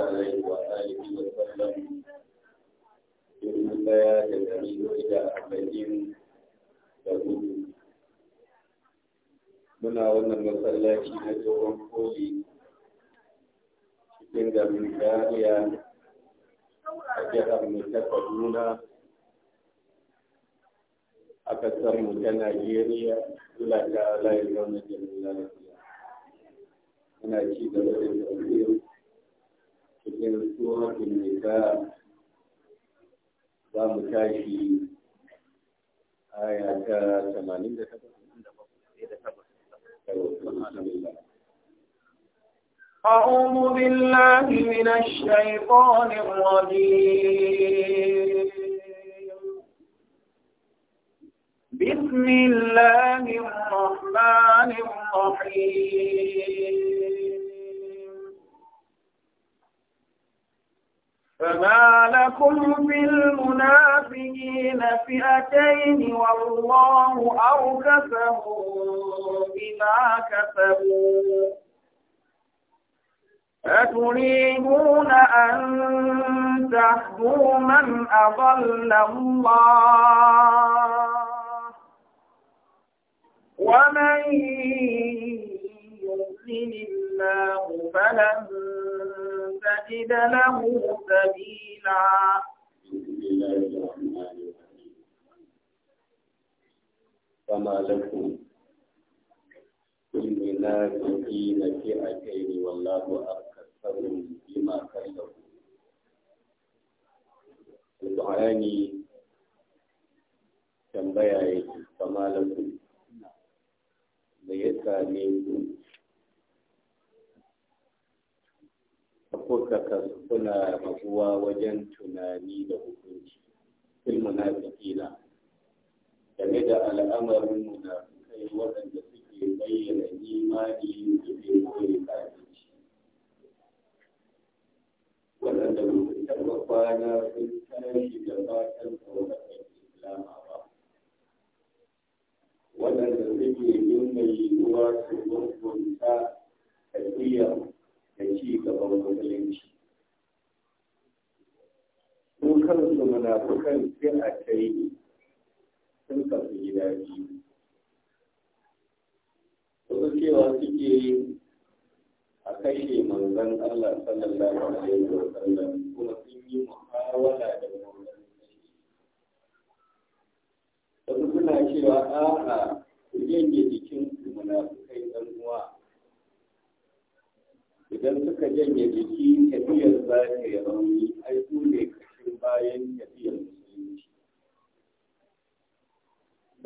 عليه وآله وسلم يقول لا تدعين إلى أبدين تقول muna wannan masallaci na tsohon koli cikin gamin kariya a jihar mu ta kaduna a kasar mu ta najeriya kula ta layin muna ci da cikin tsohon nisa za mu tashi aya ta 88 أعوذ بالله من الشيطان الرجيم بسم الله الرحمن الرحيم فما لكم في المنافقين فئتين والله أركسهم بما كسبوا أتريدون أن تهدوا من أضل الله ومن يهده الله فلن تجد له سبيلا فما لكم كل نار حين فئتين والله أكثرهم بما كذبوا القرآن tambaya yake kama lakum da ya same ku kuka kasu kuna rabuwa wajen tunani da hukunci fil munafiqina game da al'amarin munafikai waɗanda suke bayyana imani da ke koyi kafirci waɗanda mutum taɓa kwana sun tashi da fatan tsoron islama ba waɗanda suke yin mai yiwuwa su gurgunta tafiyar da ci gaban musulunci su kansu munafukan sai a kai sun kasu gida biyu wasu cewa suke yi a kashe manzon Allah sallallahu alaihi wa sallam kuma sun yi muhawara da ka janye jiki tafiyar za ka yi rauni ai su ne kashin bayan tafiyar musulunci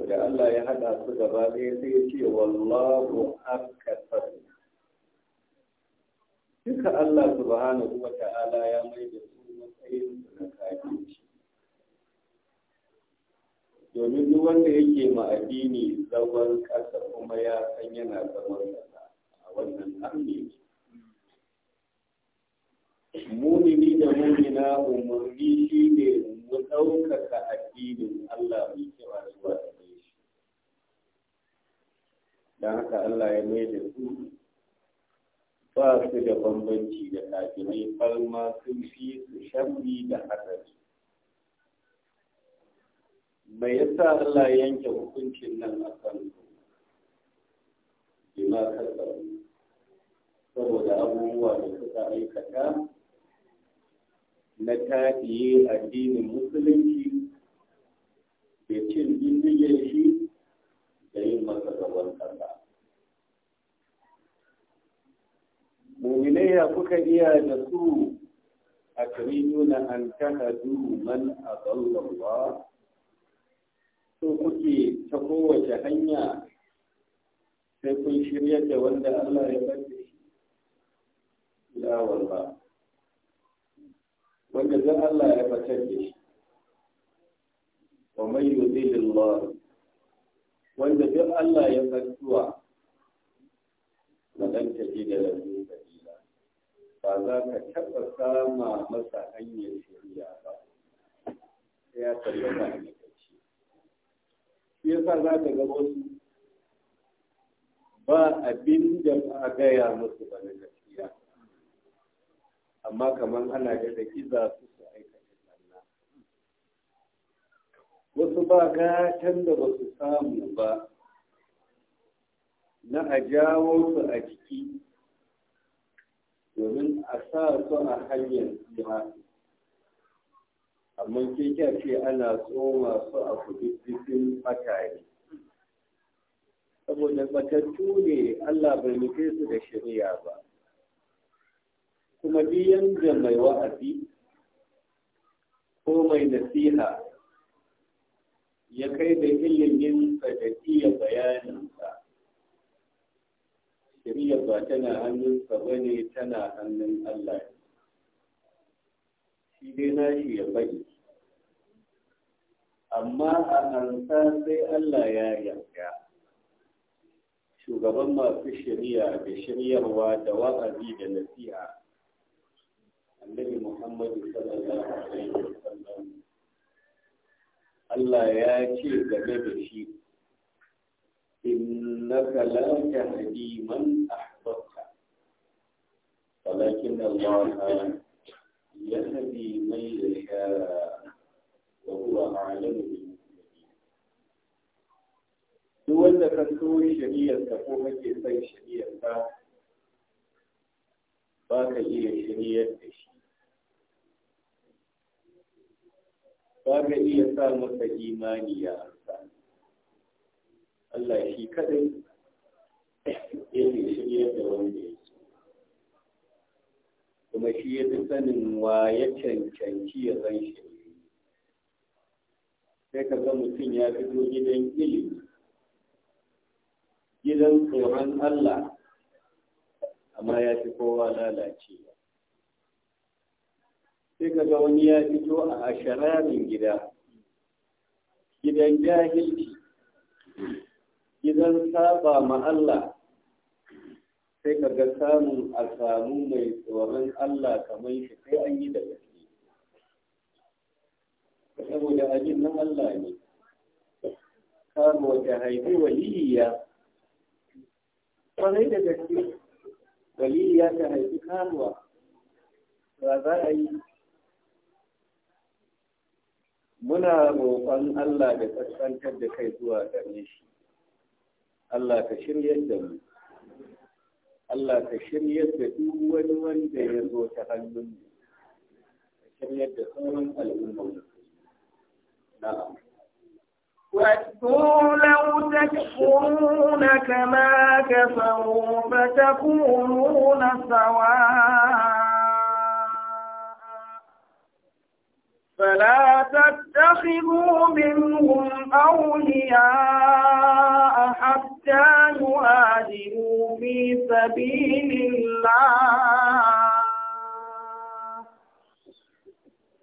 da Allah ya haɗa su gaba ɗaya sai ce wallahu akasar duka Allah subhanahu wa ta'ala ya mai da su matsayin su na domin duk wanda yake ma addini zaman ƙasa kuma ya san yana zaman ƙasa a wannan amini mumini da mumina umarni shi ne mu ɗaukaka addinin Allah mai kira zuwa da mai shi. Don haka Allah ya mai da su ba su da bambanci da kafirai balma sun fi su shambi da hatsari. Mai yasa Allah ya yanke hukuncin nan a kan bima kasar saboda abubuwa da suka aikata na taɗiye addinin musulunci da cin bindigar shi da yin masa gaban ƙasa. Muminaiya kuka iya da su a na an tahadu man a ba, so kuke ta kowace hanya sai kun shirya da wanda Allah ya bar da shi. ba. wanda zan Allah ya batar da shi wa mai yuzilin lori wanda zan Allah ya tsattuwa na ɗan tafi da lalu kabila ba za ka taɓa sama masa hanyar shari'a ba ya tabbata ne kaci shi sa za ka ga wasu ba abin da ba gaya musu ba na amma kamar ana da giza su su aikata sanna wasu ba gatan da ba su samu ba na a jawo su a jiki domin a sa su a hanyar siya amma ke ce ana tsoma su a kududdufin fatari saboda batatu ne allah bai nufe su da shirya ba kuma biyan da mai wa'azi ko mai nasiha ya kai da ilimin da iya bayaninsa shari'a ba tana hannunsa ba ne tana hannun Allah shi dai na shi ya faɗi amma a hansa sai Allah ya yarda shugaban masu shari'a da shiryarwa da wa'azi da nasiha النبي محمد صلى الله عليه وسلم الله يا شيخ بدشي إنك لا تهدي من أحببت ولكن الله يهدي من يشاء وهو أعلم دول da kan so shari'a ta ko شهية sai shari'a ta ba ba iya sa masa imani ya arsa Allah shi kadai ya ne shirya da wanda ya so kuma shi ya fi sanin wa ya cancanci ya zan shi sai ka ga mutum ya fito gidan ilimi gidan tsoron Allah amma ya fi kowa lalace sai kaga wani ya fito a ashararin gida gidan jahilci gidan saba ma Allah sai kaga samun a samu mai tsoron Allah kamar shi sai an yi da gaske saboda ajin na Allah ne kama wata haifi waliya kwarai da gaske waliya ta haifi karuwa ba za a yi muna roƙon Allah da kaskantar da kai zuwa gare shi Allah ka shirya da mu Allah ka shirya da duk wani wanda ya zo ta hannun mu ka shirya da sauran al'umma na وَاذْكُرُوا لَوْ تَكْفُرُونَ كَمَا كَفَرُوا فَتَكُونُونَ سَوَاءً فلا تتخذوا منهم أولياء حتى يهاجروا في سبيل الله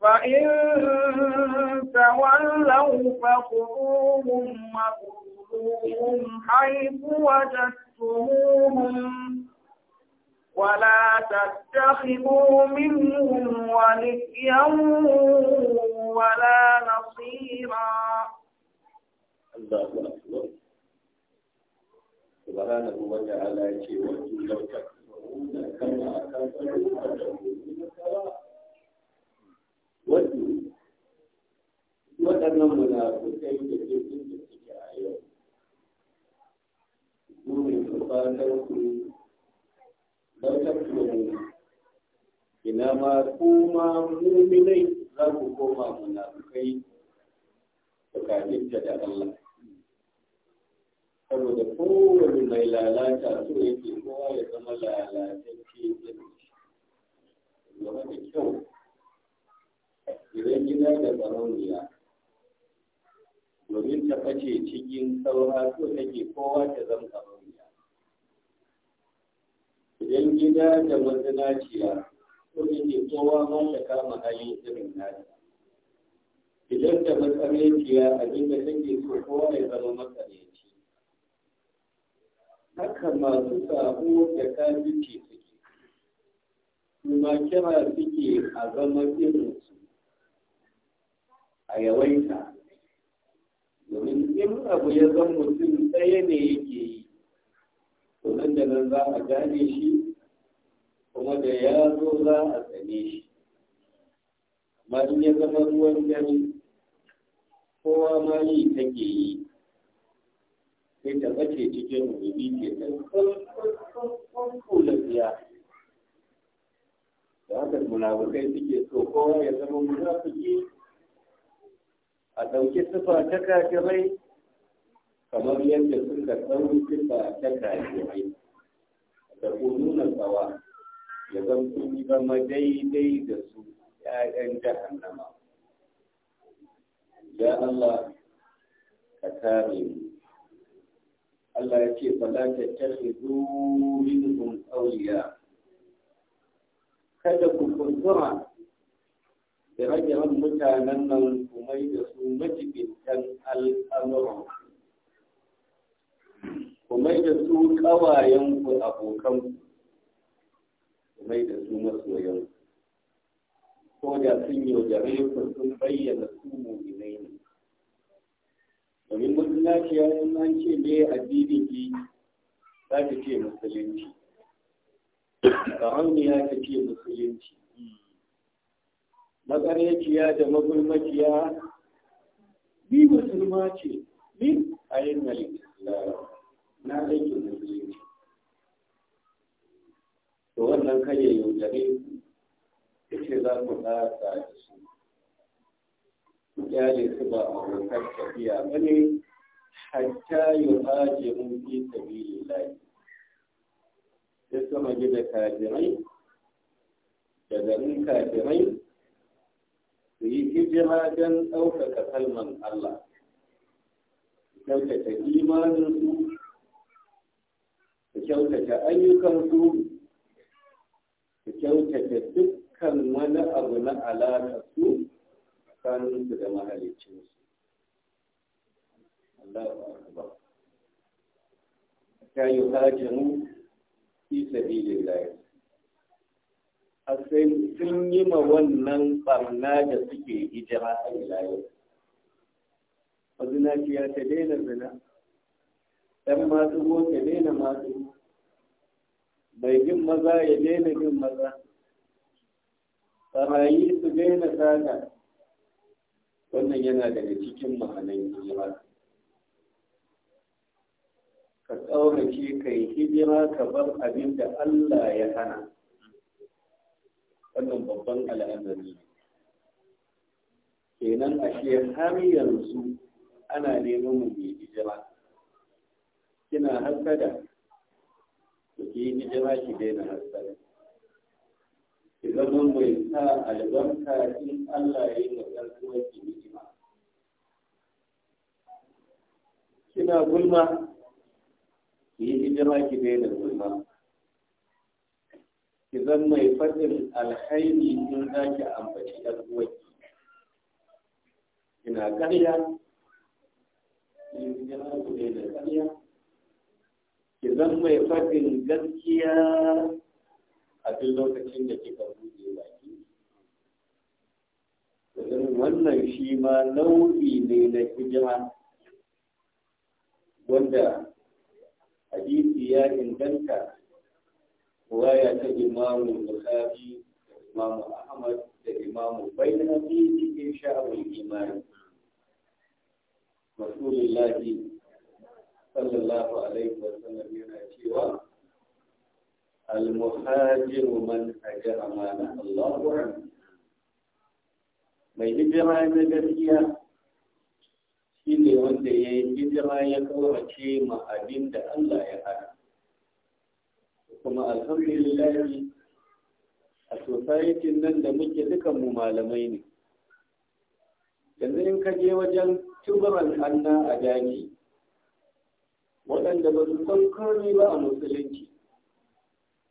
فإن تولوا فخذوهم وخذوهم حيث وجدتموهم ولا تتخذوا منهم وليا ولا نصيرا الله أكبر سبحانه وتعالى يقول لو كما كفروا ودوا waɗannan munafukai da ke sun da suke don tattalo ina ma kuma muminai za ku koma munafukai tsakaninta da Allah saboda kowane mai lalata so yake kowa ya zama lalatacce shi. zama da kyau idan gida da tsaroniya domin ta face cikin saura so take kowa ta zama tsaro yan gida da mazinaciya ko da ke kowa ma ta kama hanyar irin nata idan da matsalaiciya abinda take so kowa ya zama matsalaici haka masu sabo da kafirci suke kuma kira suke a zama irinsu a yawaita domin in abu ya zama mutum ɗaya ne yake yi to nan da nan za a gane shi kuma da ya zo za a tsane shi amma in ya zama ruwan gani kowa ma yi take yi sai ta bace cikin rubi ke ɗan kulafiya da haka munafukai suke so kowa ya zama munafiki a ɗauki sufa ta rai kamar yadda su da kauri sifa ta kafirai da kununa kawa ya zan kun zama daidai da su ‘ya'yan jahannama. Ya Allah, ka kare mu. Allah ya ce, Bala ta tafi min kun sauriya. Kada ku kuntura da rage mutanen nan kuma da su majibintan al'amuran. ku mai da su ƙawayenku abokanku ku mai da su masoyanku ko da sun yaudare ku sun bayyana su mu ne domin musulunci ya yi an ce ne addinin ki za ta ce musulunci ya ta ce musulunci matsaraiciya da magulmaciya ni musulma ce ni a yin na na aikin da su to wannan kare yaudare ce za ku tsara da su kyale su ba abokan tafiya ba ne hatta yi hajjirin fi sabili lai ya sama gida kajirai da garin kajirai su yi hijira don ɗaukaka kalman Allah kyautata imaninsu da kyautata ayyukansu, su kyautata dukkan wani abu na alaƙa su tsakaninsu da mahalicinsu Allahu akbar ta yi hajjamu fi sabilillah asai sun yi ma wannan barna da suke hijira a ilayen. Wazina ya ta daina zina, ɗan masu ya daina masu mai bin maza ya daina bin maza sarayi su daina sata wannan yana daga cikin ma'anan hijira ka tsaurace ka yi hijira ka bar abin da Allah ya hana wannan babban al'amari kenan ashe har yanzu ana neman mu mai hijira kina hasada to ki yi hijira ki daina hasada ki zama mai sa albarka in Allah ya yi makarkuwar ki ni'ima kina gulma ki yi hijira ki daina gulma ki mai faɗin alhaini in za ki ambaci ‘yan Kina ina ƙarya in ji na ku da ƙarya ki zan mai faɗin gaskiya a duk lokacin da kika buɗe baki wannan shi ma nau'i ne na hijira wanda hadisi ya inganta waya ta imamu bukhari da imamu ahmad da imamu bainafi cikin sha'awar imani rasulullahi sallallahu alaihi wasallam yana cewa al-muhajiru man hajara mana Allahu mai hijira na gaskiya shi wanda ya yi hijira ya kawace ma abin da Allah ya hana kuma alhamdulillah a society nan da muke dukan mu malamai ne yanzu in ka je wajen tubaran hanna a daji waɗanda ba su san kome ba a musulunci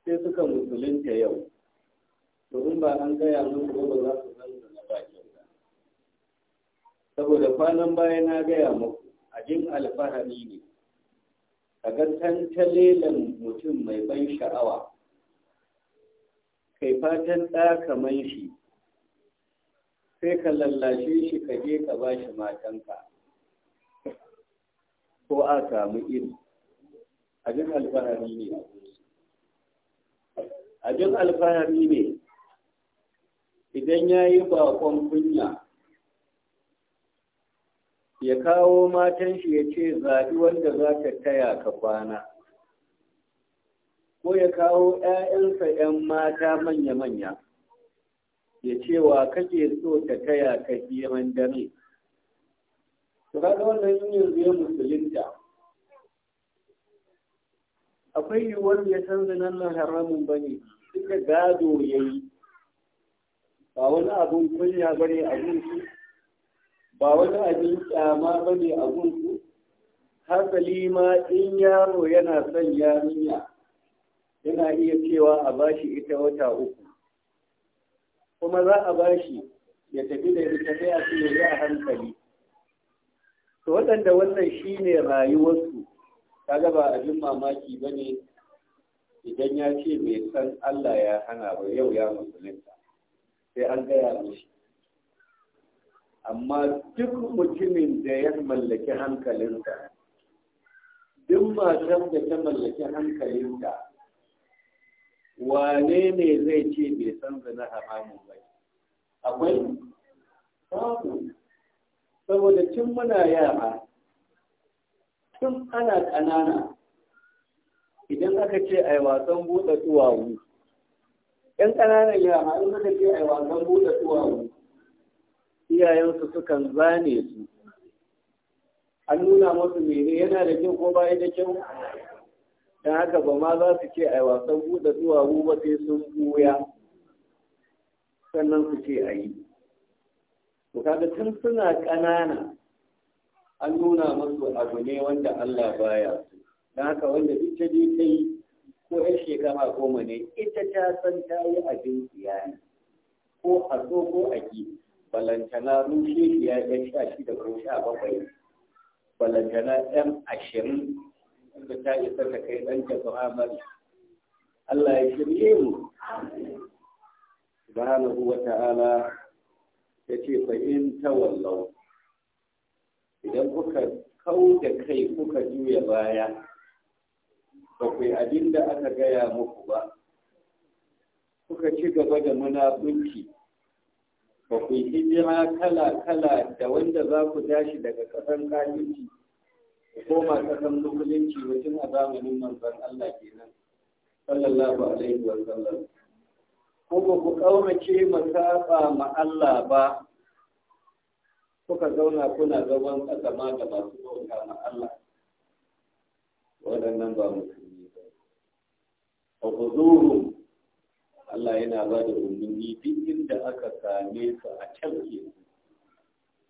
sai suka musulunta yau domin ba an gaya ko ba za su san na bakin ba saboda kwanan baya na gaya muku abin alfahari ne a ga tantalelan mutum mai ban sha'awa kai fatan ɗa kaman shi sai ka lallashe shi ka je ka ba shi matanka a samu iri abin alfahari ne abin alfahari ne idan ya yi bakon kunya ya kawo matan shi ya ce zaɓi wanda za ta taya ka kwana ko ya kawo 'ya'yansa 'yan mata manya-manya ya ce wa kake so ta taya ka hiran dare to kaga wannan yanzu ya musulunta akwai yiwuwar ya san nan haramun ba ne da gado ya yi ba wani abin kunya ba ne a gunsu ba wani abin kyama ba ne a gunsu hasali ma in yaro yana son yarinya yana iya cewa a ba shi ita wata uku kuma za a ba shi ya tafi da ita sai a cire ya hankali to waɗanda wannan shine rayuwarsu ta ba abin mamaki ba ne idan ya ce mai san Allah ya hana ba yau ya musulunta sai an gaya shi. amma duk mutumin da ya mallaki hankalinsa duk matan da ta mallaki hankalinta wane ne zai ce bai san na haramun ba akwai saboda tun muna yara tun ana ƙanana idan aka ce a yi wasan buɗe duwawu ‘yan ƙananan yara in aka ce a yi wasan buɗe duwawu iyayensu sukan zane su an nuna masu mene yana da kyau ko baya da kyau don haka ba ma za su ce a yi wasan buɗe duwawu ba sai sun buya sannan su ce a yi kaga tun suna ƙanana an nuna musu abu ne wanda Allah baya su don haka wanda ita ta ko ya shekara goma ne ita ta san ta yi abin ne. ko a so ko a ki balantana rushe ya yan sha shida ko sha bakwai balantana yan ashirin wanda ta isa ta kai ɗan jama'a Allah ya shirye mu subhanahu wa ta'ala ya ce fa ta idan kuka kau da kai kuka juya baya ba ku yi abin da aka gaya muku ba kuka ci gaba da munafunci ba ku yi hijira kala-kala da wanda za ku tashi daga ƙasan kafinci ku koma ƙasan musulunci wajen a zamanin manzon Allah kenan sallallahu alaihi wa sallam kuma ku kaunace masaba ma Allah ba kuka zauna kuna zaman kasama da masu bauta ma Allah waɗannan ba musulmi ba a huzuru Allah yana ba da umarni duk inda aka same su a canke ke,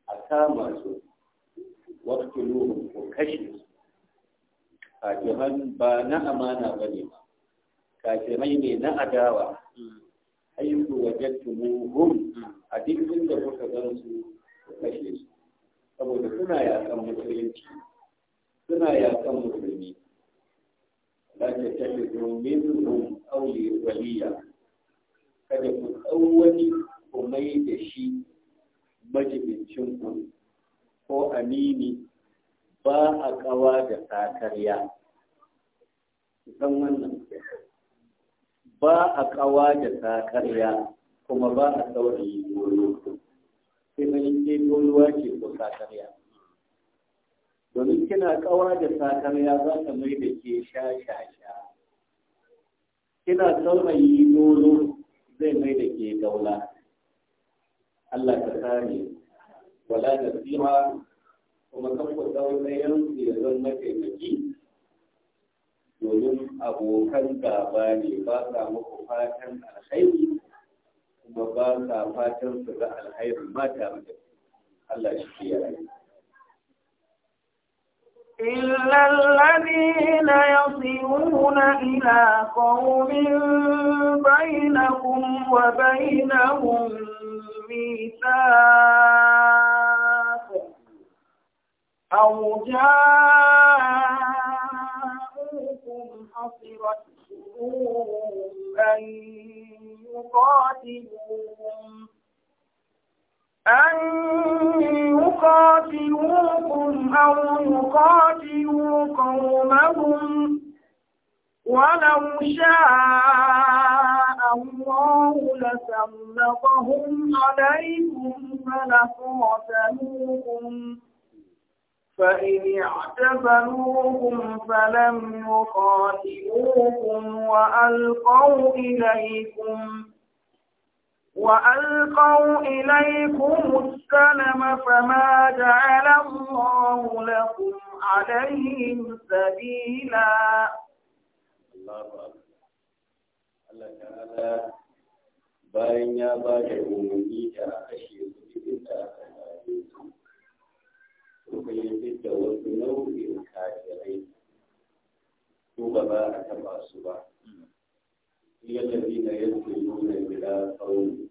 a kama su waktu nuhu ko kashe su ba na amana ba ne ba kafirai ne na adawa hmm. haythu wajadtumuhum a duk inda kuka gan su kashe su saboda suna yakan musulunci suna yakan musulmi la ta tafi domin mun aure waliya kada ku tsawwani ku mai da shi majibincin ku ko amini ba a kawa da sakarya. San wannan ba a kawa da sakarya kuma ba a saurayi goyo sai mai ke goyowa ce ko sakarya domin kina kawa da sakarya za ta mai da ke sha sha sha kina saurayi goyo zai mai da ke daula Allah ka sani wala da kuma kan ku na yanzu ya zama taimaki domin abokan gaba ne ba sa muku fatan alkhairi kuma ba sa fatan su ga alkhairi ma tare da Allah shi ke yara. إلا الذين يصلون إلى قوم بينكم وبينهم ميثاق أو جاء حصرت أن يقاتلوهم أن يقاتلوكم أو يقاتلوا قومهم ولو شاء الله لسلطهم عليكم فلقاتلوكم فإن اعتزلوكم فلم يقاتلوكم وألقوا إليكم وألقوا إليكم السلم فما جعل الله لكم عليهم سبيلا الله أكبر الله تعالى suka yi da wasu nau'in kafirai su ba a taba su ba yallabi na yadda nuna gida tsawon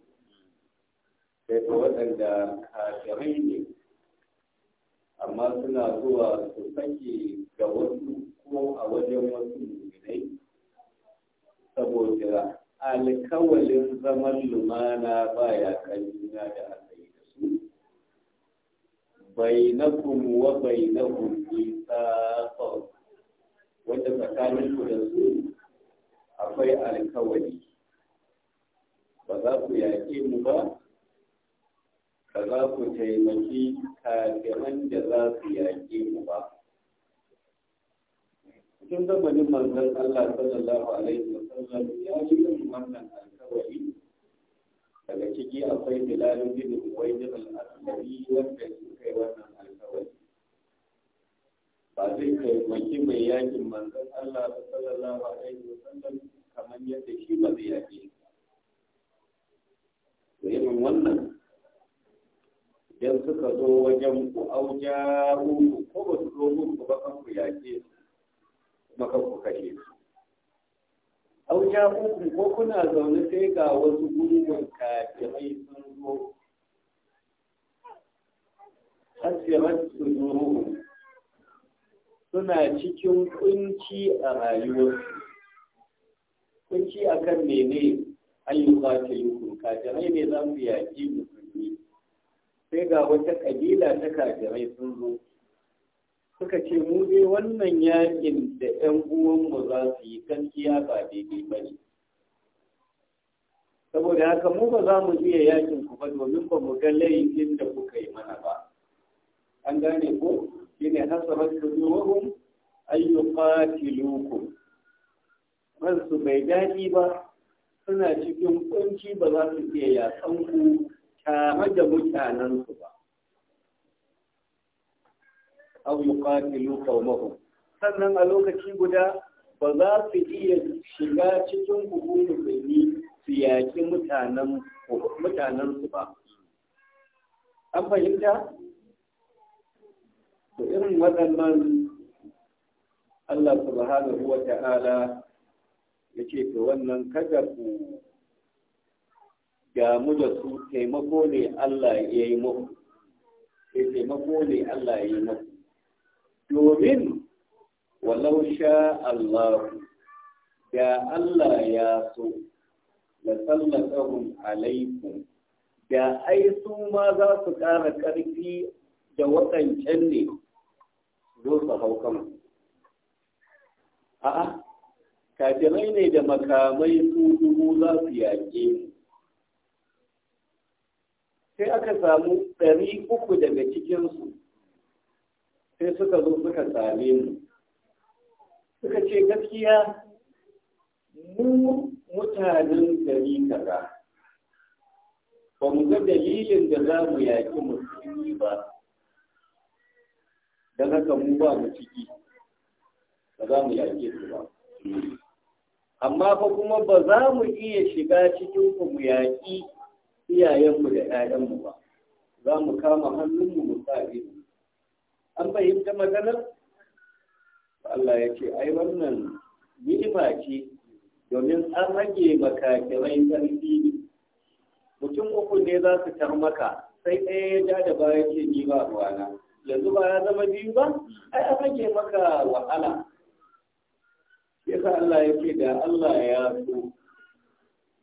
sai ta waɗanda kafirai ne amma suna zuwa su sake ga wasu ko a wajen wasu mulkinai saboda alkawalin zaman lumana baya kan juna da Allah bainakum wa bainahum mithaqan wanda tsakanin ku da su akwai alkawari ba za ku yaƙe mu ba ba za ku taimaki kafiran da za su yaƙe mu ba cikin zamanin manzon Allah sallallahu alaihi wa sallam ya yi wannan alkawari daga ciki akwai bilalun bin ubaidin al-asari wanda suka wannan alkawari ba zai taimaki mai yakin manzon Allah ba sallallahu alaihi wa sallam kamar yadda shi ba zai yake to irin wannan idan suka zo wajen ku auja ku ko ba su zo ku ba kan ku su, kuma kan ku kashe su auja ku ko kuna zaune sai ga wasu gungun kafirai sun zo hasirat suduruhum suna cikin kunci a rayuwarsu kunci kan mene ayyuka ta yi kajirai ne za su yaƙi musulmi sai ga wata ƙabila ta kajirai sun zo suka ce mu dai wannan yakin da 'yan uwanmu za su yi gaskiya ba daidai ba ne saboda haka mu ba za mu iya yakin ku ba domin ba mu ga laifin da kuka yi mana ba an gane ko shine hasabat suduruhum ay yuqatilukum su bai daɗi ba suna cikin kunci ba za su iya yatsan ku tare da mutanensu ba aw yuqatilu qawmahum sannan a lokaci guda ba za su iya shiga cikin hukumar birni su yaƙi mutanensu ba an fahimta to irin waɗannan Allah subhanahu wa ta'ala ya ce to wannan kada ku damu da su taimako ne Allah ya yi muku ya eh, taimako ne Allah ya yi muku domin walau sha Allah da Allah ya so da sallatahum alaiku. da ai su ma za su ƙara ƙarfi da waɗancan ne zo su hau kama a'a kafirai ne da makamai su za su yaƙe sai aka samu ɗari uku daga cikinsu sai suka zo suka same mu suka ce gaskiya mu mutanen gari kaza ba mu ga dalilin da za mu yaƙi musulmi ba don haka mu ba mu ciki ba za mu yaƙe su ba amma fa kuma ba za mu iya shiga cikin ku mu yaƙi iyayenmu da 'ya'yanmu ba za mu kama hannunmu mu sa ido an fahimta maganar Allah ya ce ai wannan ni'ima ce domin an hage maka kirai sarki ne mutum uku ne za su tar maka sai ɗaya ya ja da baya ce ni ba ruwana yanzu ba ya zama biyu ba ai a rage maka wahala yasa Allah ya ce da Allah ya so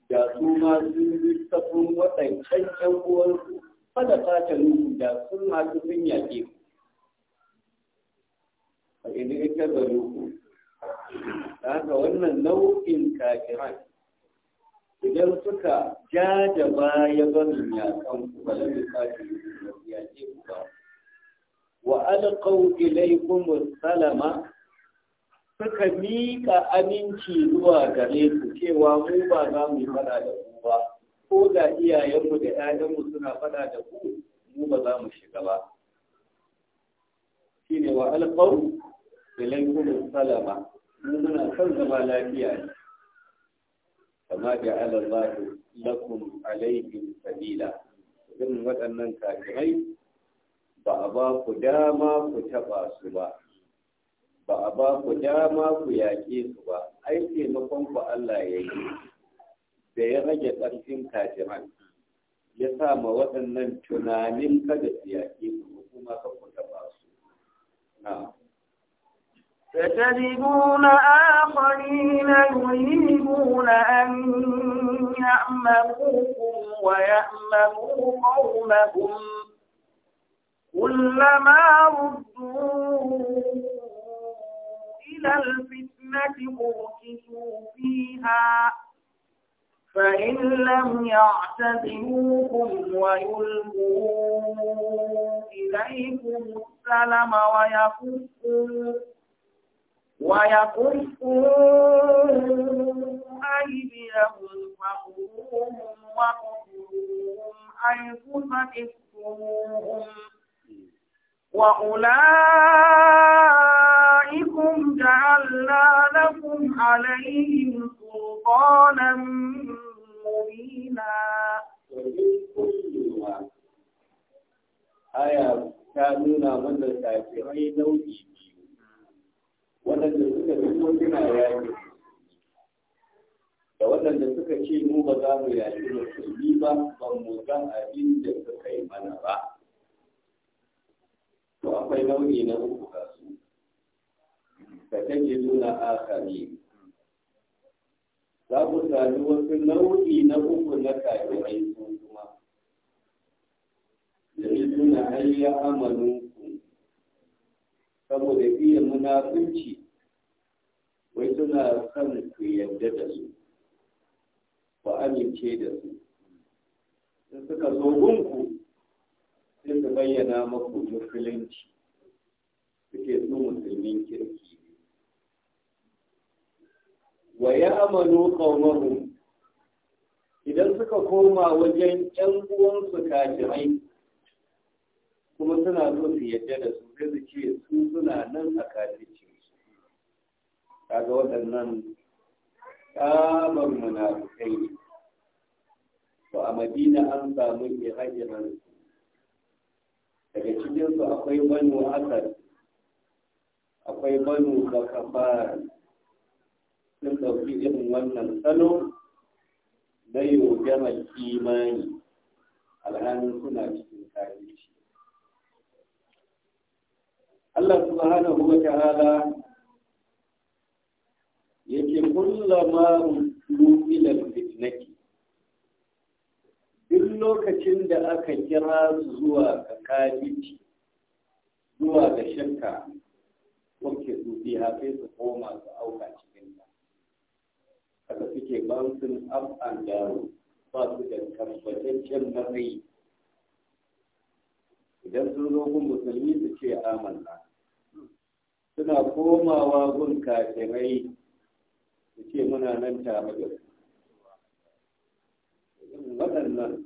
da su ma sun yi sabon waɗancan ƴan uwansu fada fata nuhu da sun masu sun yaƙe ku a idan ita da ku da haka wannan nau'in kafiran idan suka ja da baya barin yaƙan ku ba da su yaƙe ku ba wa alƙau ilaikum salama suka miƙa aminci zuwa gare ku cewa mu ba za mu yi faɗa da ku ba ko da iyayenmu da 'ya'yanmu suna faɗa da ku mu ba za mu shiga ba shine wa alqaw ilaykum salama mu muna son zama lafiya ne kama da Allah lakum alayhi sabila irin waɗannan kafirai ba a ba ku dama ku taɓa su ba ba a ba ku dama ku yaƙe su ba ai taimakon ku Allah ya yi da ya rage ƙarfin kajiran ya sa ma waɗannan tunanin kada su yaƙe su kuma ka ku taɓa su فتجدون آخرين يريدون أن يأمنوكم ويأمنوا قومهم كلما ردوا إلى الفتنة أركسوا فيها فإن لم يعتزلوكم ويلقوا إليكم السلم ويكفوا ويكفوا أيديهم فخذوهم وقتلوهم حيث ثقفتموهم وأولئكم جعلنا لكم عليهم سلطانا مبينا aya ta nuna mana kafirai nau'i waɗanda suka da waɗanda suka ce mu ba za mu yaƙi musulmi ba ba mu ga abin da suka yi mana ba to akwai nau'i na uku ga su ka take nuna akari za ku sami wasu nau'i na uku na kafirai su kuma da nuna amalin ku. saboda iya munafunci wai suna son ku yarda da su ku amince da su in suka zo gunku sai su bayyana maku musulunci suke su musulmin kirki wa ya amanu qaumahu idan suka koma wajen 'yan uwansu kafirai kuma suna so su yadda da su sai su ce su suna nan a kafirci kaga waɗannan kamar munafukai ne to a madina an samu ire-iren daga cikinsu akwai banu asad akwai banu bakafar sun ɗauki irin wannan salo na yogama kimani alhalin suna cikin karici Allah subhanahu wa ta'ala yake kullama ru'ilal fitnati lokacin da aka kira zuwa ga kalici zuwa ga shirka wanke su biya su koma su auka cikin ta haka suke bouncing up and down ba su da tabbataccen matsayi idan sun zo gun musulmi su ce amanna suna komawa gun kafirai su ce muna nan tare da su waɗannan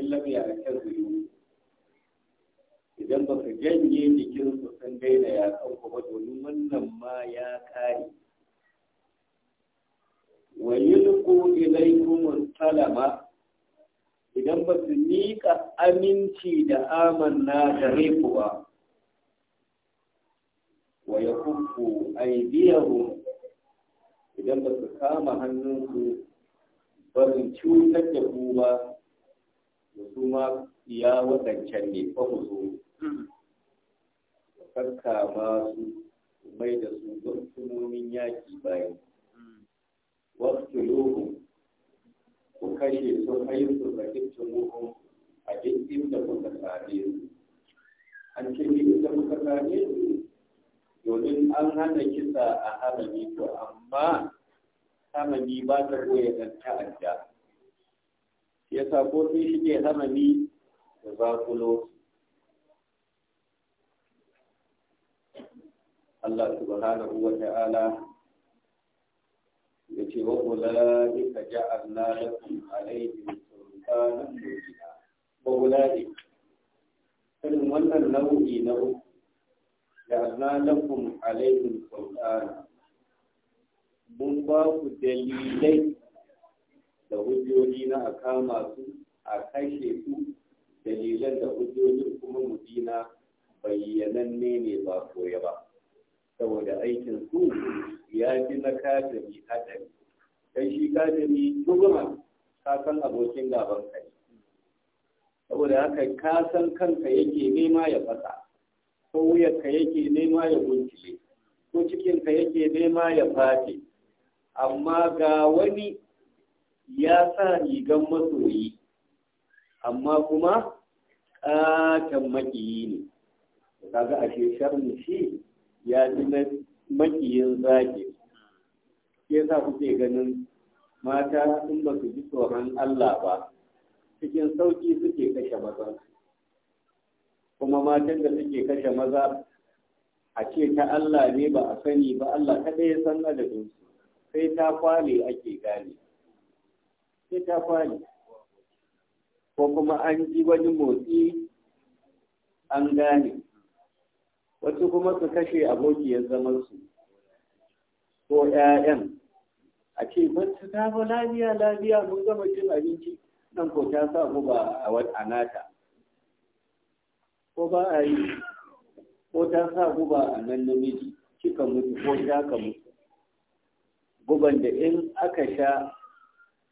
in lam zuri idan ba ka janye jikin su sun daina ya kanku ba domin wannan ma ya kare wa ilai ilaykum salama idan ba su miƙa aminci da amanna da ku ba wa ya kuku aibiyahu idan ba su kama hannunsu ba su cutar da ku ba su ma ya wadancan ne fa ku zo hmm. kakkama su mai da su gurfunomin yaki bayan hmm. wasu lohun ku kashe su haisu da kittin a duk inda kuka same su an ce ni inda kuka same su domin an hana kisa a harami to amma harami ba ta goya ɗan ta'adda ya sa ko ke shige ni da bakulo Allah subhanahu wa ta'ala ya ce wa ulaika ja'alna lakum alaihim sultanan mubina wa ulaika irin wannan nau'i na uku ja'alna lakum alaihim mun ba ku dalilai da hujjoji na a kama su a kashe su dalilan da hujjojin kuma dina bayyananne ne ba koya ba saboda aikin su ya fi na kafiri hadari dan shi kafiri tuguma ka san abokin gaban ka saboda haka ka san kanka yake nema ya fasa ko wuyarka yake nema ya guntule ko cikinka yake nema ya fate amma ga wani ya sa rigar masoyi amma kuma ƙatan makiyi ne kaga a sharri shi ya ji na makiyin zaki ke sa kuke ganin mata in ba su ji tsoron Allah ba cikin sauƙi suke kashe maza kuma matan da suke kashe maza a ce ta Allah ne ba a sani ba Allah kaɗai ya san adadin sai ta kwale ake gane sai ta fari ko kuma an ji wani motsi an gane wasu kuma su kashe abokiyar zaman su ko 'ya'yan a ce ban ta ba lafiya lafiya mun gama cin abinci nan ko ta sa ku ba a wata nata ko ba a yi ko ta sa guba a nan namiji kika mutu ko ta ka mutu guban da in aka sha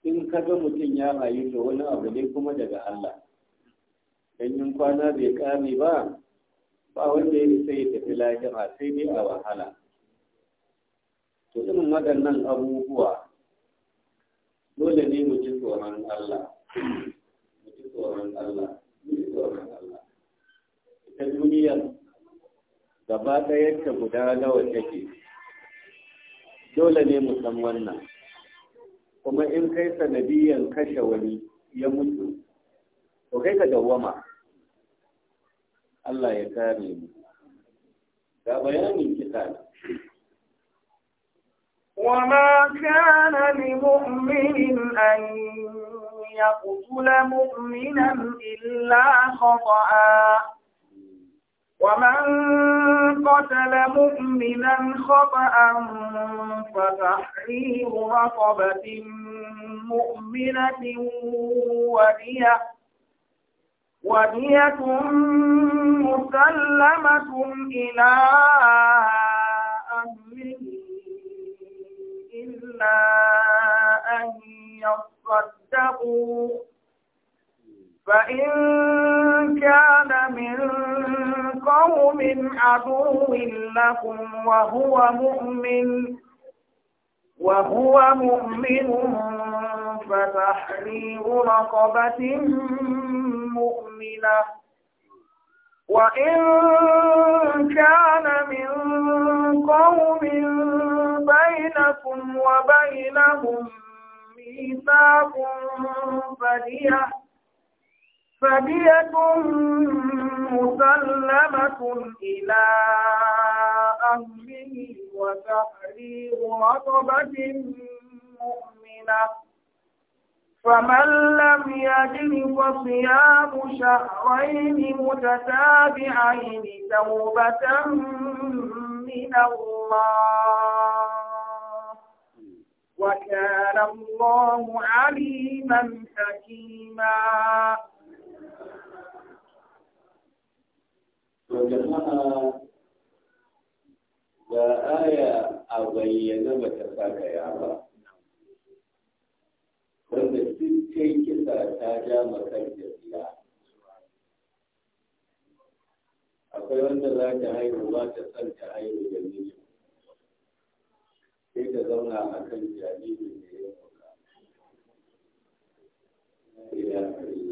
in ka ga mutum ya rayu da wani abu ne kuma daga Allah in kwana bai kame ba ba wanda ya sai ya tafi lahira sai dai a wahala to irin waɗannan abubuwa dole ne mu ji tsoron Allah mu ji tsoron Allah mu ji tsoron Allah ita duniya gaba ta guda nawa take dole ne mu san wannan kuma in kai sanadiyan kashe wani ya mutu to kai ka dawwama Allah ya kare mu ga bayanin kisa وما كان لمؤمن أن يقتل مؤمنا إلا خطأ ومن قتل مؤمنا خطأ فتحرير رقبة مؤمنة ودية ودية مسلمة إلى أهله إلا أن يصدقوا فإن كان من قوم عدو لكم وهو مؤمن وهو مؤمن فتحرير رقبة مؤمنة وإن كان من قوم بينكم وبينهم ميثاق فديه فدية مسلمة إلى أهله وتحرير رقبة مؤمنة فمن لم يجد فصيام شهرين متتابعين توبة من الله وكان الله عليما حكيما jama'a ga aya a bayyana ba ta kaya ba wanda duk kai kisa ta ja makar da siya akwai wanda za ta haihu ba ta san ta haihu da miji sai ta zauna a kan na da ya kuka.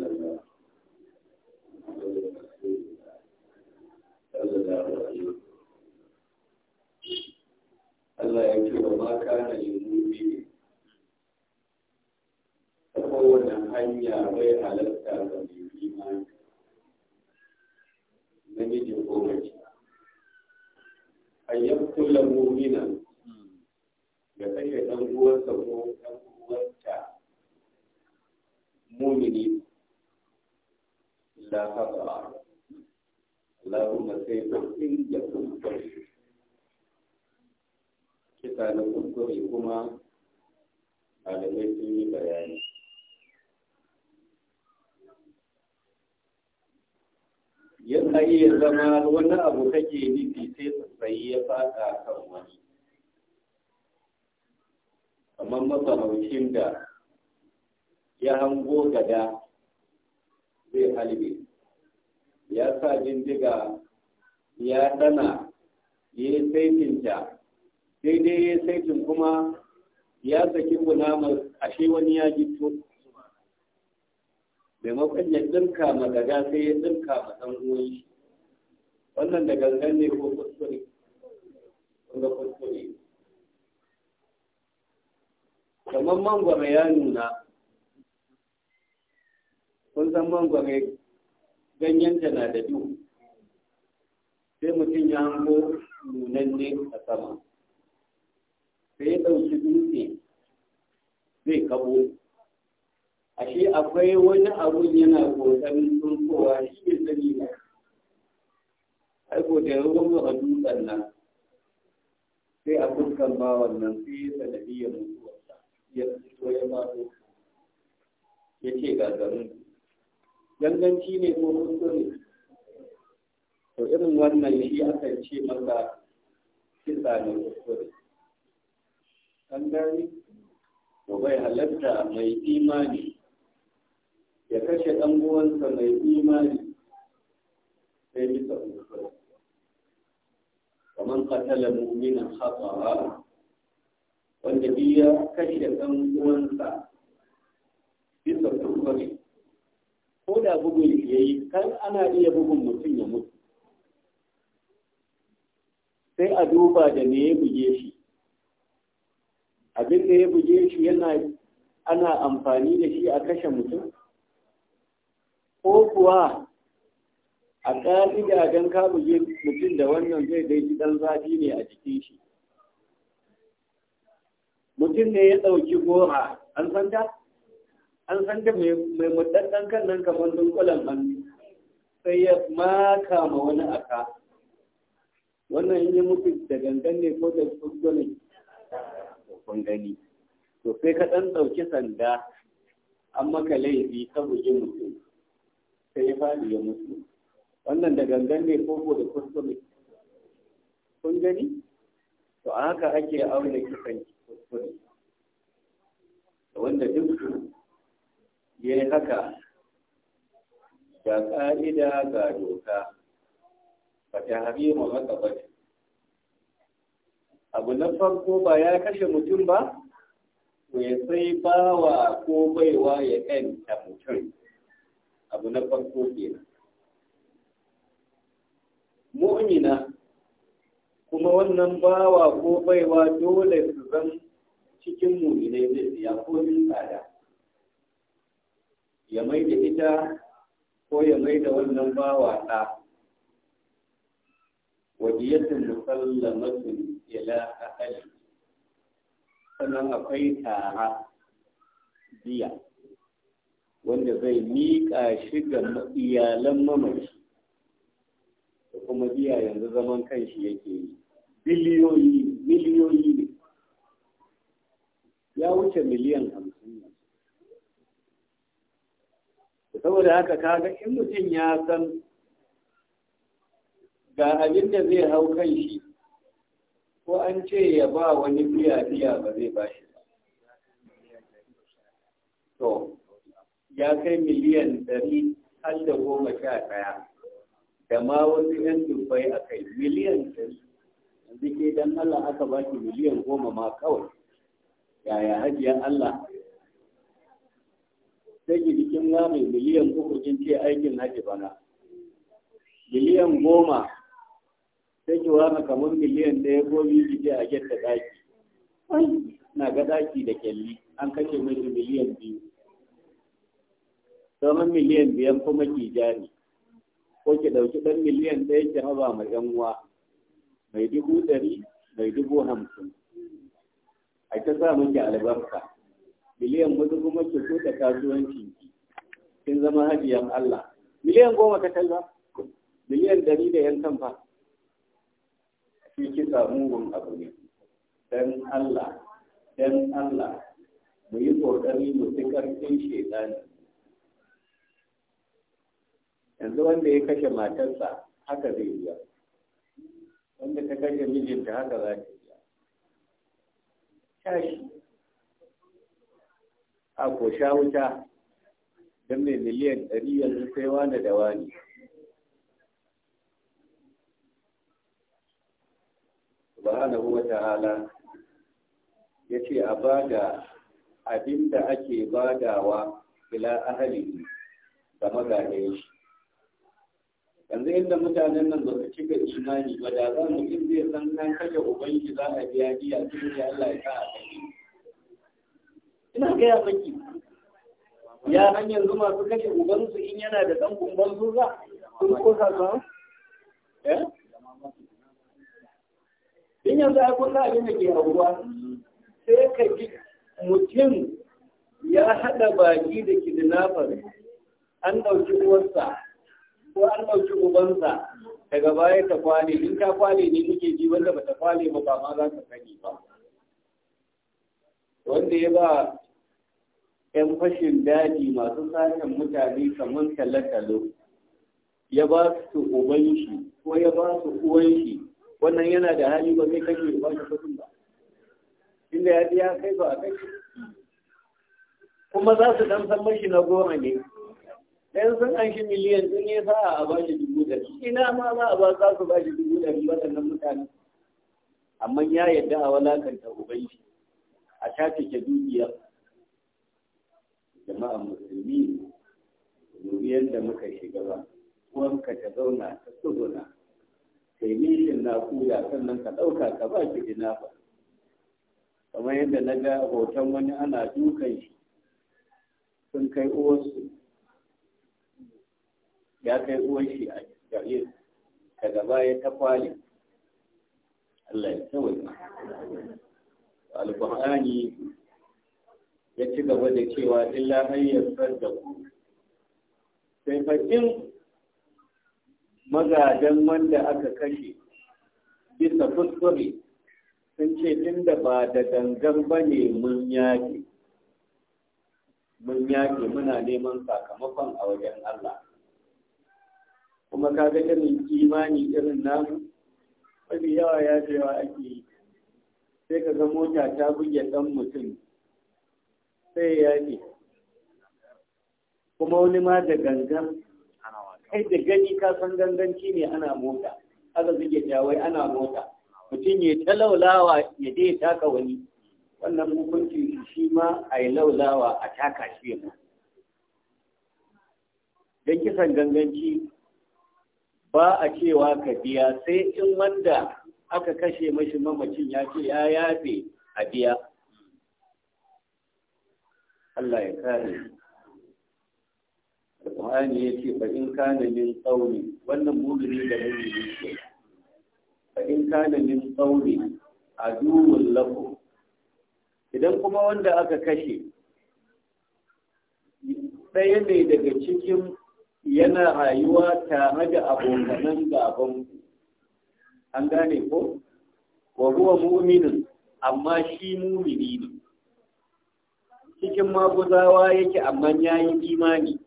Allah ya ce wa yin kana limubi ta kowane hanya bai halatta ga mai imani namiji ko mace an yaktula mu'minan ya kashe ɗan uwansa ko ɗan uwanta mumini la haɓa Allahumma sai ɗan in ya kuma cika na kuskure kuma malamai sun yi bayani yana iya zama wani abu kake nufi sai tsayi ya fada kan wani kamar mafaraucin da ya hango gada zai halbe ya sa jindiga ya dana ya yi saitinta daidai ya saitin kuma ya saki gulamar ashe wani ya gito maimakon ya dinka ma daga sai ya dinka ma ɗan uwan shi wannan da gangan ne ko kuskure wanda kuskure kamar mangwame ya nuna kun san mangwame ta na da duhu sai mutum ya hango nunanne a sama sai ya ɗauki dutse zai kabo ashe akwai wani abun yana ƙoƙarin tunkowa, shi ya sani ba aiko da ya ruwa a dutsen nan sai a fuskan bawan nan sai ya sanadiyar mutuwarsa ya fito ya mato ya ce gagarin ganganci ne ko kuskure to irin wannan shi aka ce masa kisa ne kuskure an gani to bai halatta mai imani ya kashe ɗan uwansa mai imani sai bisa uku kamar katala mu'mina khata'a wanda biya kashe ɗan uwansa bisa kuskure ko da bugun ya yi kan ana iya bugun mutum ya mutu sai a duba da me ya buge shi abin da ya buge shi yana ana amfani da shi a kashe mutum ko kuwa a ƙa'ida don ka buge mutum da wannan zai dai ji ɗan zafi ne a jikin shi mutum ne ya ɗauki gora an san ta an san ta mai mudaddan kan nan kamar dunkulan hannu sai ya maka ma wani aka wannan yin yi mutu da gangan ne ko da tsuggulin babban gani to sai ka ɗan dauki sanda an maka laifi ka buji mutum sai ya faɗi ya mutu wannan da gangan ne ko ko da kuskure kun gani to a haka ake auna kisan kuskure wanda duk ya yi haka ga ka'ida ga doka ba ta hari mu haka ba abu na farko ba ya kashe mutum ba to ya sai bawa ko baiwa ya ta mutum abu na farko kenan mu'mina kuma wannan bawa ko baiwa dole su zan cikin mu'minai zai ya ko tsada ya mai da ita ko ya mai da wannan bawa ɗa wadiyatun musallamatun ila ahali sannan akwai tara biya wanda zai miƙa shi ga iyalan mamaci da kuma biya yanzu zaman kanshi yake yi biliyoyi miliyoyi ne ya wuce miliyan hamsin ne saboda haka kaga in mutum ya san ga abin da zai hau kan shi ko an ce ya ba wani biya biya ba zai ba shi to ya kai miliyan ɗari har da goma sha ɗaya da ma wasu 'yan dubbai a kai miliyan ɗari yanzu ke don Allah aka ba shi miliyan goma ma kawai yaya hajiyar Allah sai ki jikin mai miliyan uku jin ce aikin haji bana miliyan goma sai ki wani kamar miliyan ɗaya ko biyu ki je a getta daki? na ga ɗaki da kyalli an kashe mai miliyan biyu sauran miliyan biyan kuma ki jari ko ki ɗauki ɗan miliyan ɗaya ki raba ma ƴan uwa mai dubu ɗari mai dubu hamsin a ta sa miki albarka miliyan mutu kuma ki kuɗa kasuwanci. kin zama hajiyan Allah miliyan goma ka kalla miliyan ɗari da yan kan fa shi kisa mugun abu ne dan Allah dan Allah mu yi kokari mu fi karfin shedani yanzu wanda ya kashe matarsa haka zai biya wanda ta kashe mijinta haka za ta biya tashi a ko sha wuta don mai miliyan ɗari yanzu sai wani da wani subhanahu wa ta'ala ya ce a bada abin da ake badawa ila ahali da ya shi yanzu inda mutanen nan ba su cika imani ba da za mu zai san kan kashe ubangi za a biya biya cikin ya Allah ya ka a ina ga ya ya nan yanzu masu kashe ubansu in yana da dan gumban zuza sun ko sa eh in yanzu ai kun abin da ke hauwa sai ka ji mutum ya haɗa baki da kidnapper an ɗauki uwarsa ko an ɗauki ubansa daga baya ta kwale in ta kwale ne muke ji wanda ba ta kwale ba ba ma za ta sani ba wanda ya ba 'yan fashin daji masu sashen mutane kamar talo ya ba su ubanshi ko ya ba su uwan wannan yana da hali ba zai kashe ba shi kudin ba inda ya ji ya kai ba a kai. kuma za su dan san mashi na goma ne ɗayan sun an shi miliyan sun yi sa a ba shi dubu ɗari ina ma za a ba za su ba shi dubu da waɗannan mutane amma ya yadda a walakanta ubangi a shafe ke dukiya jama'a musulmi ne yadda muka shiga ba kuma ta zauna ta tsuguna kai nishin na kuya sannan ka ɗauka ka ba ki ina ba kamar yadda na ga hoton wani ana dukan shi sun kai uwarsu ya kai uwar shi a ka gaba ya ta kwale Allah ya tsawai alƙur'ani ya ci gaba da cewa illa hanyar da ku sai fa in magadan wanda aka kashe bisa kuskure sun ce inda ba da gangan ba ne mun yaƙi mun yaƙi muna neman sakamakon a wajen Allah kuma kaga irin imani irin namu Wani yawa ya cewa ake yi sai ka ga mota ta buge ɗan mutum sai ya ce kuma wani ma da gangan kai da gani ka san ganganci ne ana mota haka suke jawai ana mota mutum ya ta laulawa ya dai taka wani wannan hukunci shi ma a yi laulawa a taka shi ya don kisan ganganci ba a cewa ka biya sai in wanda aka kashe mashi mamacin ya ce ya yafe a biya Allah ya kare Qur'ani ya ce fa in kana min tsauni wannan mu'mini da mu'mini ce fa in kana min tsauni a duwun lafo idan kuma wanda aka kashe ɗaya ne daga cikin yana rayuwa tare da abokanan gaban an gane ko wa huwa muminin, amma shi mumini ne cikin maguzawa yake amma yayi imani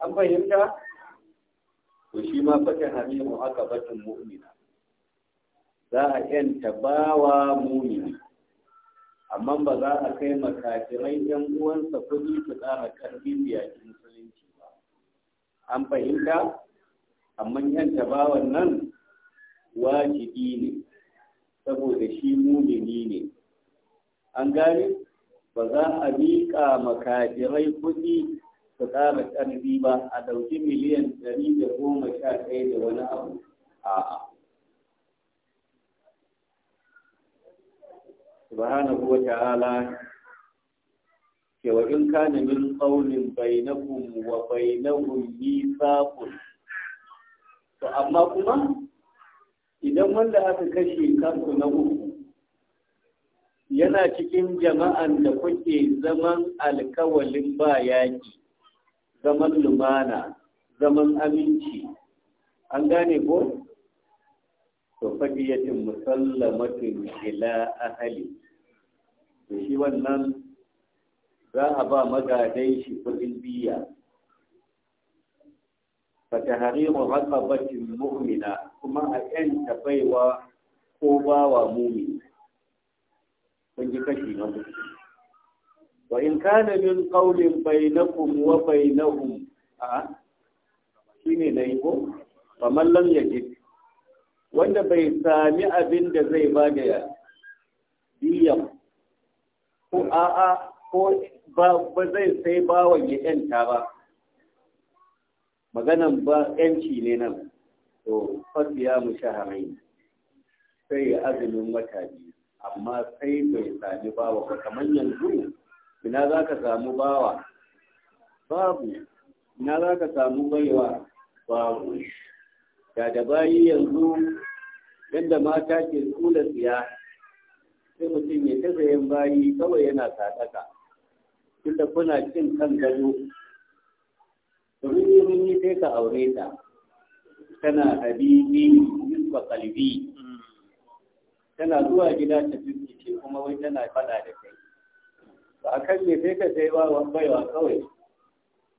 an fahimta to shi ma fata hamimu aka batun mu'mina za a yanta bawa mumini amma ba za a kai makafirai yan uwansa kuɗi su ƙara ƙarfin yakin musulunci ba an fahimta amma yanta bawan nan wajibi ne saboda shi mumini ne an gane ba za a miƙa makafirai kuɗi su ƙara ƙarfi ba a ɗauki miliyan ɗari da goma sha ɗaya da wani abu a'a Subhana wa ta'ala ke wa in kana min tsaunin bainakun wa yi saƙun. to amma kuma idan wanda aka kashe kanku na uku yana cikin jama'an da kuke zaman alkawalin ba yaƙi zaman lumana zaman aminci an gane ko to fadiyatin musallamatin ila ahali to shi wannan za a ba magadai shi kudin biya fata harimu haqabatin mu'mina kuma a yanta baiwa ko bawa mumin kun ji kashi na mutum wa in kana min qawlin bainakum wa bainahum a shine dai ko faman lam yajid wanda bai sami abin da zai ba da biyan ko a'a ko ba zai sai bawan ya yanta ba maganan yanci ne nan to fasiya mu shaharai sai azumin wata biyu amma sai bai sami bawa ba kamar yanzu ina za ka samu bawa babu ina za ka samu baiwa babu da da bayi yanzu yadda mata ke kula siya sai mutum ya ta sayan bayi kawai yana sadaka tunda kuna cin kan gado domin mun sai ka aure ta tana habibi min kalbi mm. tana zuwa gida ta fiske kuma wai tana fada da kai ba kan ne sai ka sai ba wa baiwa kawai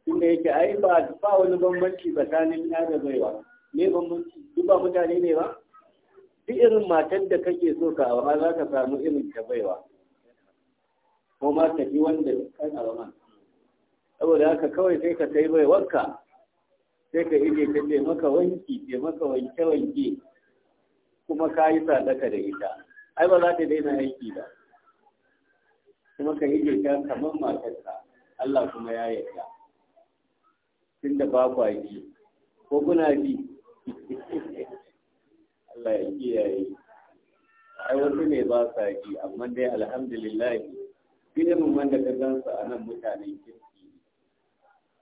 inda yake ai ba ba wani bambanci tsakanin ya da baiwa ne bambanci duk ba mutane ne ba duk irin matan da kake so ka aura za ka samu irin ta baiwa ko ma ka fi wanda kan awa saboda haka kawai sai ka sai baiwarka sai ka ije ka ce maka wanki ce maka wanke wanke kuma ka yi sadaka da ita ai ba za ta daina aiki ba kuma ka yi hijirta kamar matarka Allah kuma ya yarda tun da ba kwa ji ko kuna bi? Allah ya kiyaye ai wasu ne ba sa ji amma dai alhamdulillah ilimin wanda ka a nan mutanen kirki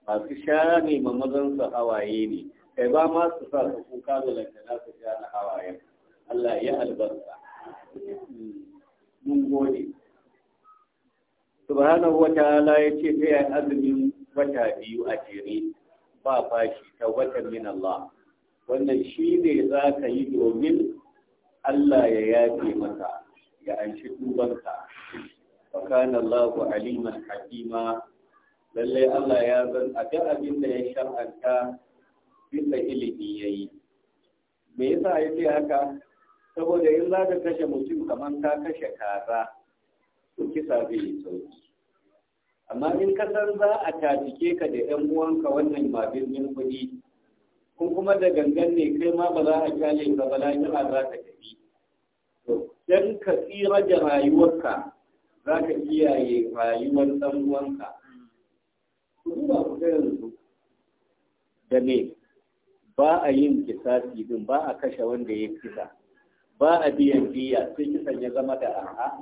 masu shara ne ma mazansu hawaye ne kai ba ma su sa su kuka da lantana su sha na hawayen Allah ya albarka hmm. mun gode subhanahu wataala ya ce ta yi azumin wata biyu a jere ba fashi ta watan min Allah wannan shi ne za ka yi domin Allah ya yafe maka ya anshi tubanka wa kana Allahu aliman hakima lallai Allah ya zan a abin da ya shar'anta bisa ilimi yayi me yasa yace haka saboda in za ka kashe mutum kamar ka kashe kaza to kisa zai yi sauki amma in ka san za a tafike ka da ɗan uwanka wannan ba birnin kuɗi kun kuma da gangan ne kai ma ba za a kyale ka ba za ka tafi to dan ka tsira da rayuwarka za ka kiyaye rayuwar ɗan uwanka ku duba ku ga yanzu da me ba a yin kisasi din ba a kashe wanda ya kisa ba a biyan biya sai kisan ya zama da arha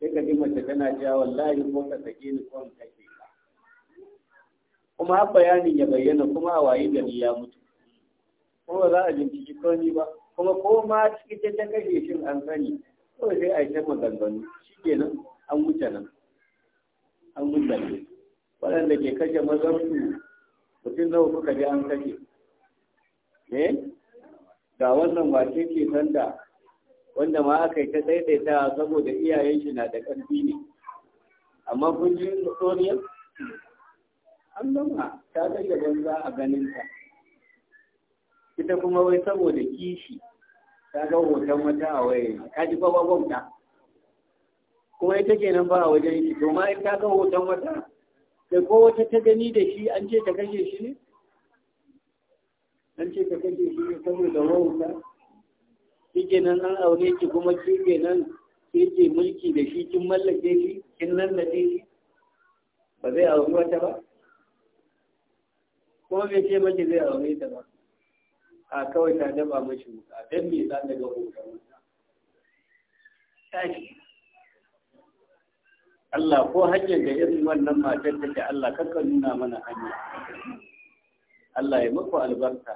sai ka ji mace tana cewa wallahi ko ka sake ni ko ka kashe ka kuma har bayanin ya bayyana kuma a waye gari ya mutu kuma ba za a binciki ko ni ba kuma ko ma ita ta kashe shin an sani ko sai a yi ta maganganu nan an wuce nan an wuce ne. waɗanda ke kashe mazarsu mutum nawa kuka ji an kashe eh ga wannan wace ke sanda wanda ma aka yi ta daidaita saboda iyayen shi na da ƙarfi ne amma kun ji mutoriya an gama ta tsaye banza a ganinta ita kuma wai saboda kishi ta ga hoton wata a waye ka ji gwagwagwamta kuma ita ke nan ba a wajen shi to ma in ta ga hoton wata da ko wata ta gani da shi an ce ta kashe shi ne an ce ta kashe shi ne saboda wauta kike nan an aure ki kuma kike nan kike mulki da shi kin mallake shi kin nan da shi ba zai aure wata ba kuma bai ce maki zai aure ta ba a kawai ta daba mashi musa, don me za ta ga hoton tashi Allah ko hanyar da irin wannan matar take Allah kakka nuna mana hanya Allah ya muku albarka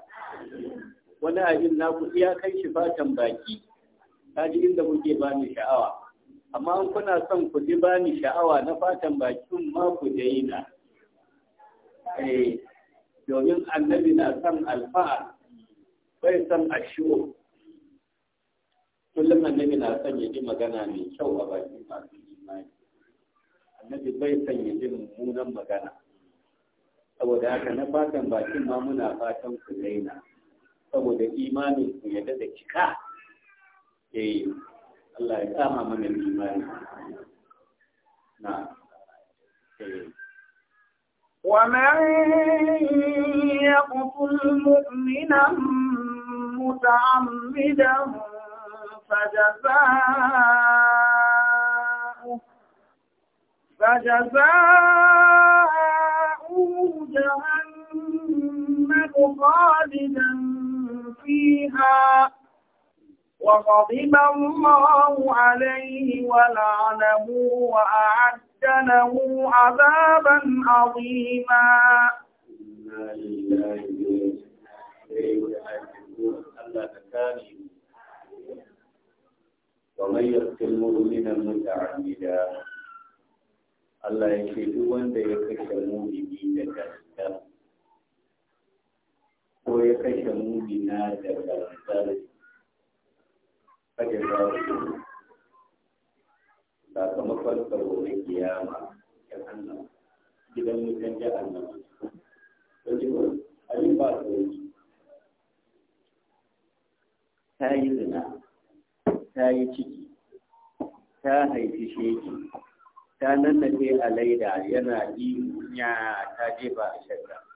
wani abin iya kai shi fatan baki kaji ji inda kuke ba ni sha'awa amma in kuna son ku ji ba ni sha'awa na fatan bakin ma ku daina eh domin annabi na son alfa'a bai son ashu kullum annabi na son ya ji magana mai kyau a bakin masu imani annabi bai son ya ji mummunan magana saboda haka na fatan bakin ma muna fatan ku daina saboda imanin su yadda da cika eh Allah ya kama mana imani na eh. ومن يقتل مؤمنا متعمدا فجزاؤه جهنم خالدا فيها وغضب الله عليه ولعنه وأعد له عذابا عظيما ومن يقتل مؤمنا متعمدا الله يشهد وان يكفر مؤمنين كذا ko ya kashe mumina da gangar fajar rawar sakamakon tsaro na kiyama yan annan gidan mutan ji annan wajen ba su yi ta yi zina ta yi ciki ta haifi sheki ta nannafe a laida yana ihu ya ta jefa a shakka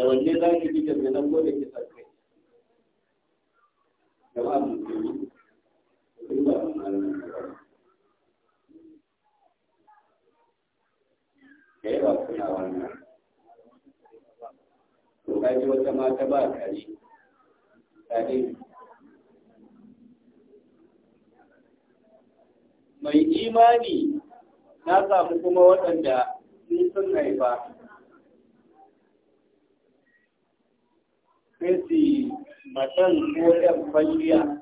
da wanne za ki bi da nan ko da ki sarkai da ba ba da kuna wannan kaji wata mata ba kare kare mai imani na samu kuma waɗanda sun sun haifa sai matan ko ɗan kwalliya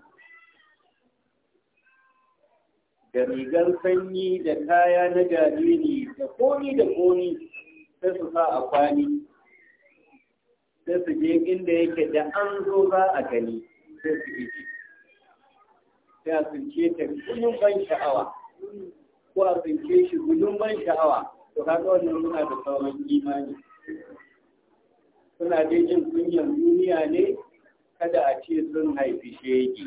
da rigar sanyi da kaya na jariri da koni da koni sai su sa a kwani sai su je inda yake da an zo za a gani sai su iji sai a tsince ta gudun ban sha'awa ko a tsince shi gudun ban sha'awa to kaga wannan muna da sauran imani suna dai jin kunyan duniya ne kada a ce sun haifi shege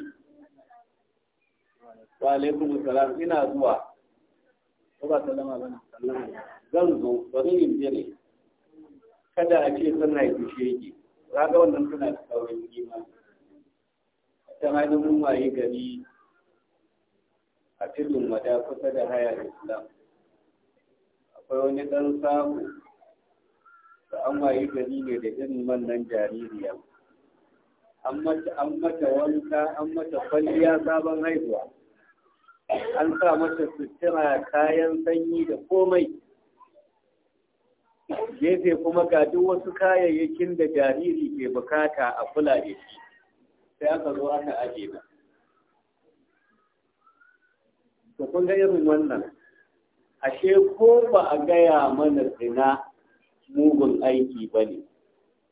wa alaikum salam ina zuwa ba sallama ba zan zo bari in je ne kada a ce sun haifi shege ga wannan suna da saurin gima. ta hannun waye gari a filin wada kusa da hayar islam akwai wani ɗan samu an wayi gari ne da irin wannan jaririyar. an mata wanka an mata kwalliya sabon haihuwa an sa mata sutura kayan sanyi da komai gefe kuma ga duk wasu kayayyakin da jariri ke bukata a kula da shi sai aka zo aka aje ba to kun ga irin wannan ashe ko ba a gaya mana zina mugun aiki ba ne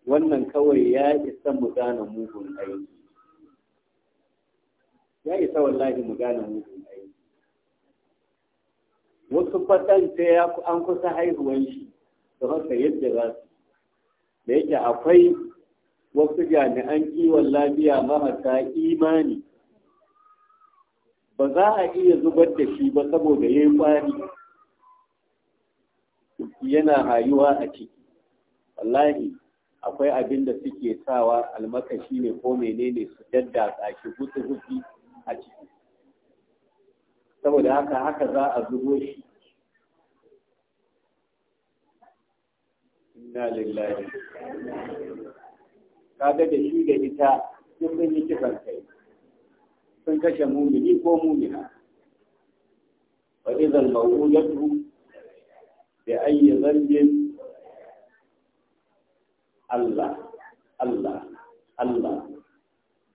wannan kawai ya isa mu gane mugun aiki ya isa wallahi mu gane mugun aiki wasu fatanta ya an kusa haihuwan shi da haka yadda za su da yake akwai wasu jami'an kiwon lafiya marasa imani ba za a iya zubar da shi ba saboda ya yi kwari yana rayuwa a ciki wallahi akwai abin da suke sawa almakashi ne ko menene su dadda shi gutsi-gutsi a ciki saboda haka haka za a zubo shi inna lillahi kaga da shi da ita duk sun yi kisan kai sun kashe mumini ko mumina wa izal mawudatu da ayi zambin Allah Allah Allah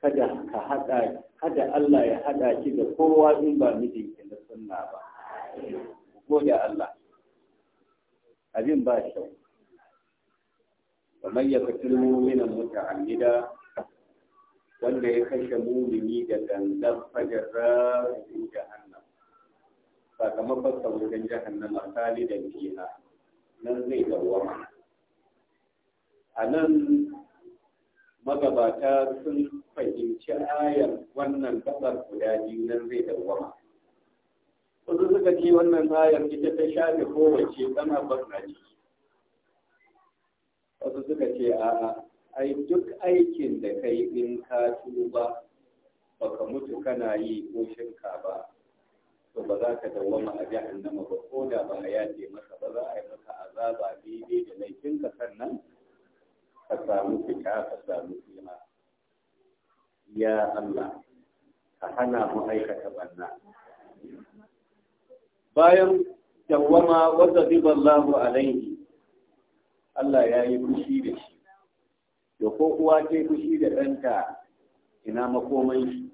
kada Allah ya haɗa ki da kowa in ba mijinki na sunna ba gode Allah abin ba kyau kamar ya fitil muminan muta'ammida wanda ya kashe mumini da gangan fajar rahu jahannam sakamakon sa wajen jahannama khalidan fiha nan zai dawwama a nan magabata sun fahimci ayar wannan kasar guda biyu nan zai dawwama wasu suka ce wannan ayar ita ta shafe kowace tana barna ce wasu suka ce a'a ai duk aikin da kai in ka tuba baka mutu kana yi ko shinka ba to ba za ka dawwama a jahannama ba ko da ba a maka ba za a yi maka azaba daidai da laifin ka sannan ka samu fita ka samu kima ya Allah ka hana mu aikata banna bayan dawwama wadda ziballahu alaihi Allah ya yi fushi da shi da ko uwa ta fushi da ɗanta ina makomai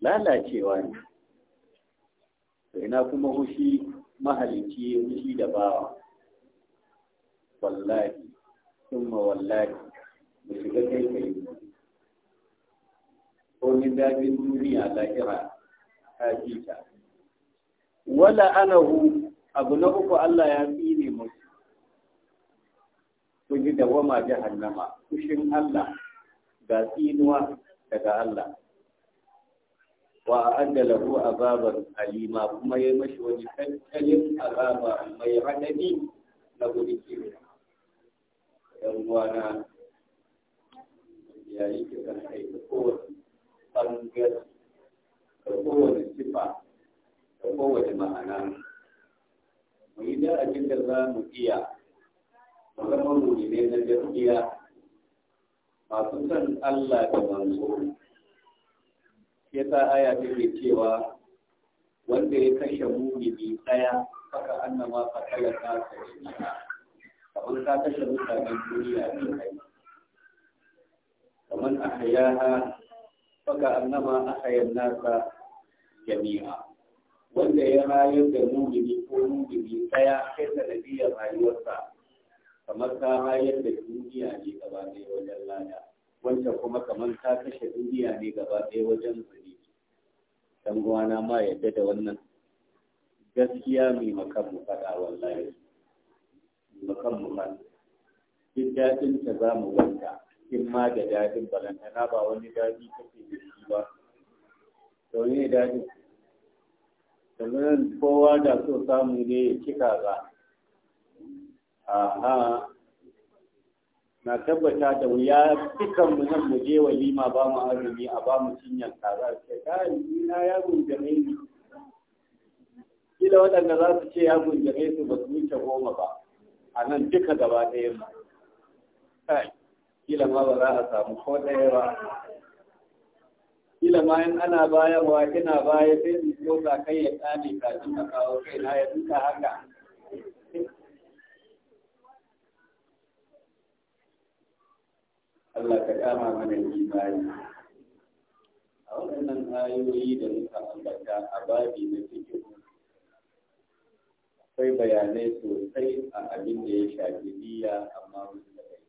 lalacewa ne to ina kuma hushi mahalicci ya hushi da bawa wallahi summa wallahi mu shiga kai kai ko ni dajin duniya lahira ta ji ta wala anahu abu na uku Allah ya tsine musu kun ji dawama jahannama kushin Allah ga tsinuwa daga Allah wa a'adda lahu azaban alima kuma ya mashi wani tattalin azaba mai radadi na gudun kiwo yan uwana yi kira aiki kowace bangare da kowace sifa da kowace ma'ana mu yi da abin da za mu iya mu zama mu ne na gaskiya masu san Allah da manzo shi yasa aya take cewa wanda ya kashe mumini tsaya haka annama fa kala ta ka kamar ka kashe mutanen duniya ne kai kamar ha faka annama a ahyan nasa jami'a wanda ya rayar da mumini ko mumini tsaya kai sanadiyar rayuwarsa kamar ka rayar da duniya ne gaba ɗaya wajen lada wancan kuma kamar ka kashe duniya ne gaba ɗaya wajen zuri dan uwana ma yadda da wannan gaskiya mai makan mu faɗa wallahi makan mu man duk daɗin ta za mu wanda in ma da daɗin balantana ba wani daɗi ke da shi ba to ne daɗin domin kowa da so samu ne ya cika ba ha na tabbata da wuya dukan mu nan mu je walima ba mu azumi a ba mu cinyan Sai ce kai na ya gunjame ni kila waɗanda za su ce ya gunjame su ba su wuce goma ba a nan duka gaba ɗaya mu kai kila ma ba za a samu ko ɗaya ba kila ma in ana bayarwa kina baya sai in ka kai ya tsame kafin ka kawo kai na ya duka haka Allah ka kama mana imani a wannan ayoyi da muka ambata a babi na cikin akwai bayanai sosai a abin da ya shafi niyya amma wasu da bai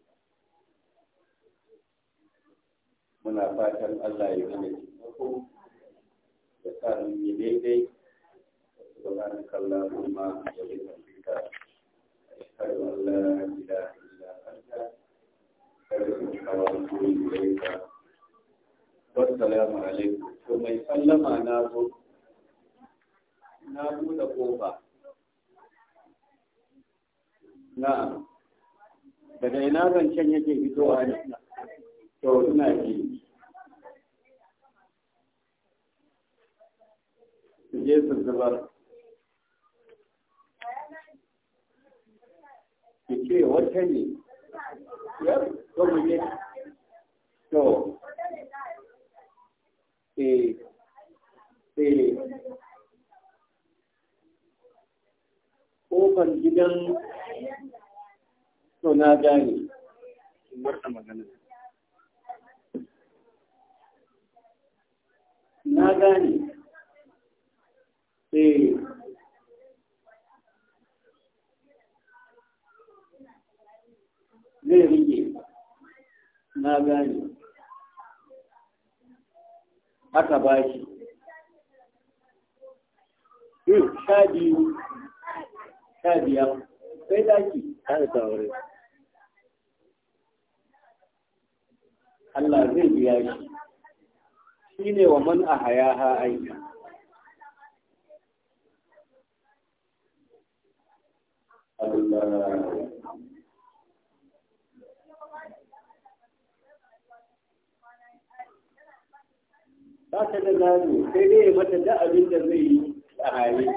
muna fatan Allah ya mana taimako da sa mun yi daidai subhanakallahumma kuma bihamdika ashhadu an la ilaha Wassalamu alaikum. To mai sallama na zo, na buɗe ƙofa. Na'am. Daga ina zancen yake fitowa ne? To ina ji. Su je su zubar. Ki ce wata ne. to mu je to eh eh gidan to na gane na gane eh rige na gane aka ba shi sha biyu sha biyar sai daki ta wuri Allah zai biya shi shi ne wa man a haya ha aiki Allah ba ta da gado sai dai ya mata da abin da zai yi a hali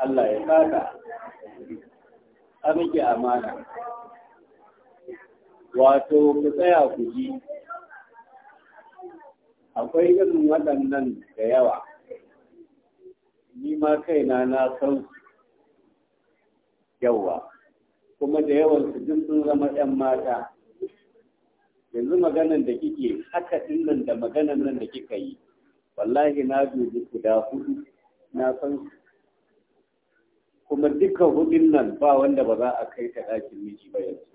Allah ya saka a amana wato ku tsaya ku ji akwai irin waɗannan da yawa ni ma kaina na san yawa kuma da yawan su duk sun zama 'yan mata yanzu maganan da kike haka dinnan da maganan nan da kika yi wallahi na dubi guda hudu na san kuma duka hudun nan ba wanda ba za a kai ta ɗakin miji ba yanzu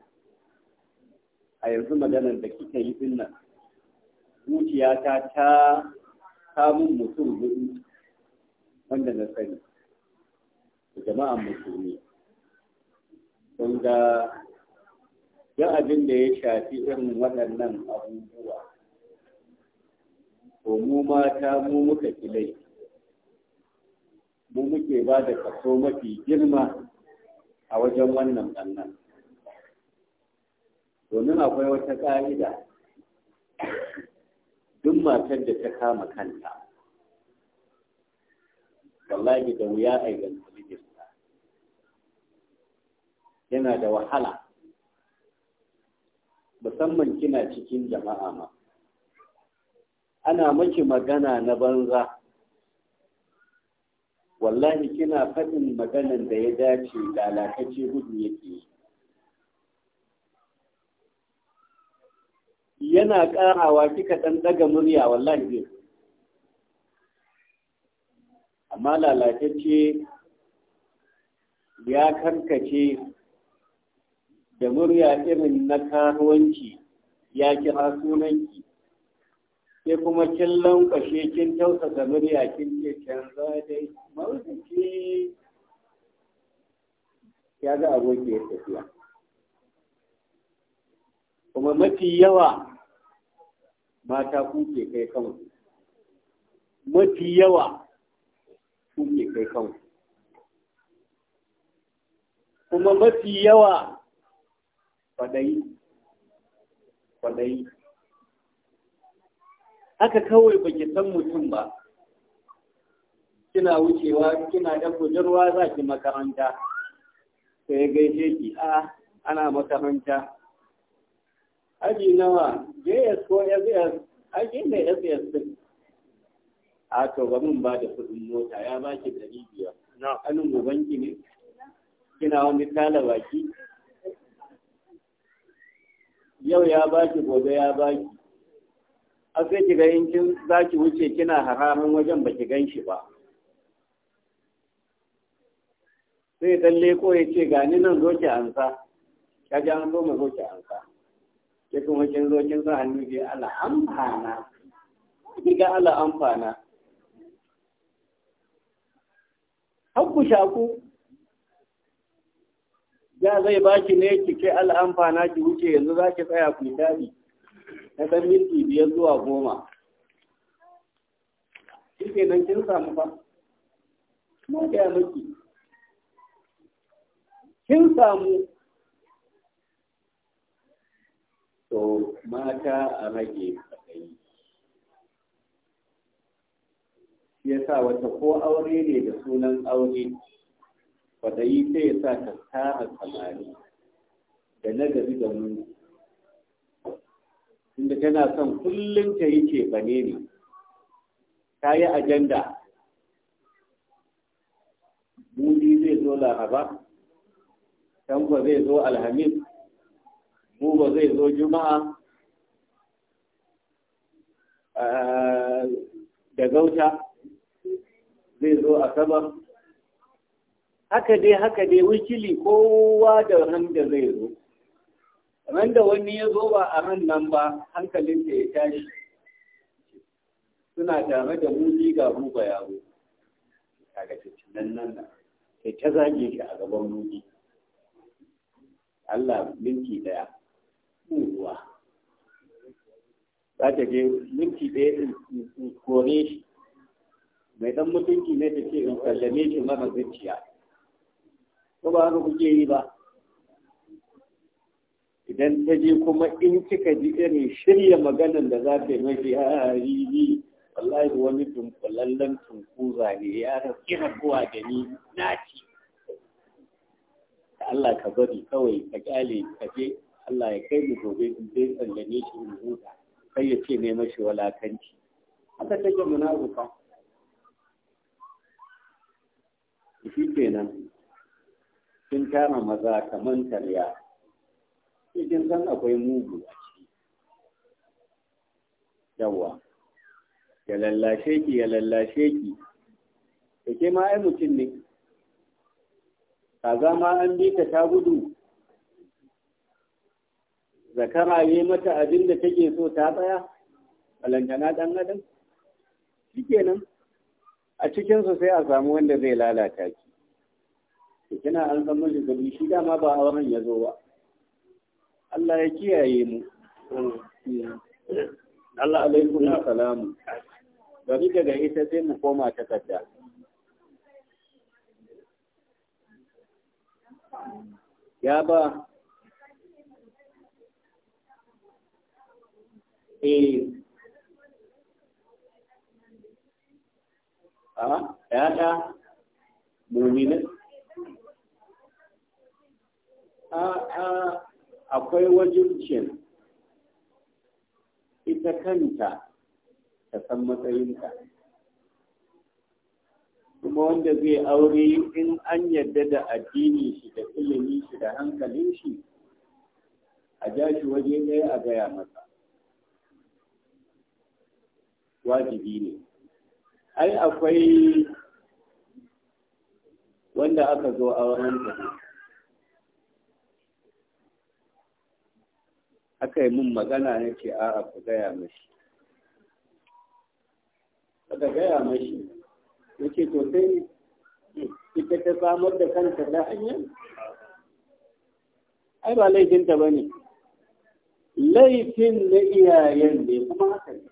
a yanzu maganan da kika yi dinnan zuciyata ta samun mutum hudu wanda na sani jama'an musulmi don ga abin da ya shafi irin waɗannan abubuwa ko mu mata mu muka kilai mu muke ba da kaso mafi girma a wajen wannan ɓannan domin akwai wata ƙa'ida duk matar da ta kama kanta wallahi da wuya a yi mijinta yana da wahala musamman kina cikin jama'a ma ana maki magana na banza wallahi kina faɗin maganan da ya dace da alakace gudu yake yi yana ƙarawa kika ɗanɗaga daga murya wallahi amma lalatacce ya karkace da murya irin na karuwanci ya kira sunanki sai kuma kin lankwashe kin tausasa murya kin ce canza dai mawuce ya ga aboki ya tafiya kuma mafi yawa mata kuke kai kanku mafi yawa kuke kai kanku kuma mafi yawa kwadayi kwadayi haka kawai baki san mutum ba kina wucewa kina ɗan budurwa za ki makaranta sai gaishe ki a ah, ana makaranta aji nawa js ko siyas a shi ne ya siyas din a to ba mun ba da kuɗin mota ya ba ki ɗari biyar anin ubanki ne kina wani kala baki yau ya ba ki gobe ya ba ki a sai ki ga yankin za ki wuce kina haramin wajen ba ki gan shi ba sai dan leko ya ce gani nan zo ki ansa kaji an zo mu zo ki ansa sai kuma kin zo kin sa hannu ke ala amfana ga ala hakku shaku ya zai baki ne ki kai ala ki wuce yanzu za ki tsaya ku dadi na dan minti biyar zuwa goma shi ke nan kin samu fa kuma da miki kin samu to mata a rage kaɗai shi ya sa wata ko aure ne da sunan aure kwaɗayi sai ya sa ta tara samari da nagari da mun inda tana son kullum ta yi cefane ne ta yi ajanda mudi zai zo laraba tanko zai zo alhamis buba zai zo juma'a eh, da gauta zai zo sabar haka dai haka dai wikili kowa da da zai zo ran da wani ya zo ba a ran nan ba hankalin da ya tashi suna tare da muni ga ruba yaro daga cikin nan nan nan ta zage shi a gaban muni Allah minti daya ruwa za ta je minti ɗaya in kore shi mai ɗan mutunci ne ta ce in sallame shi mara zuciya ko ba haka kuke yi ba idan ta je kuma in kika ji irin shirya maganar da za ta yi mafi hariri wallahi wani dunkulallen tunkuza ne ya rafi rabuwa da ni na ci Allah ka bari kawai ka kyale ka je Allah ya kai mu gobe in dai tsallane shi in huta sai ya ce ne mashi walakanci haka take munafuka shi kenan sun tara maza kaman tarya cikin san akwai mugu a ciki yawa ya lallashe ki ya lallashe ki da ke ma ai mutum ne kaza ma an bi ta ta gudu zakara yi mata abin da take so ta tsaya balantana ɗan adam shikenan a cikinsu sai a samu wanda zai lalata ki to kina an san mun gari shi dama ba auren ya zo ba Allah ya kiyaye mu Allah alaikum salamu bari daga ita sai mu koma takarda ya ba eh a ah, yata muminin a ah, a ah, akwai wajibcin ita kanta ta san matsayinta kuma wanda zai aure in an yadda da addini shi da ilimi shi da hankalin shi a ja shi waje ɗaya a gaya masa wajibi ne ai akwai wanda aka zo a wurin aka yi min magana na ce a ku gaya mashi aka gaya mashi ya ce to sai ita ta samar da kanta da hanyar ai ba laifinta ba ne laifin na iyayen ne kuma haka ne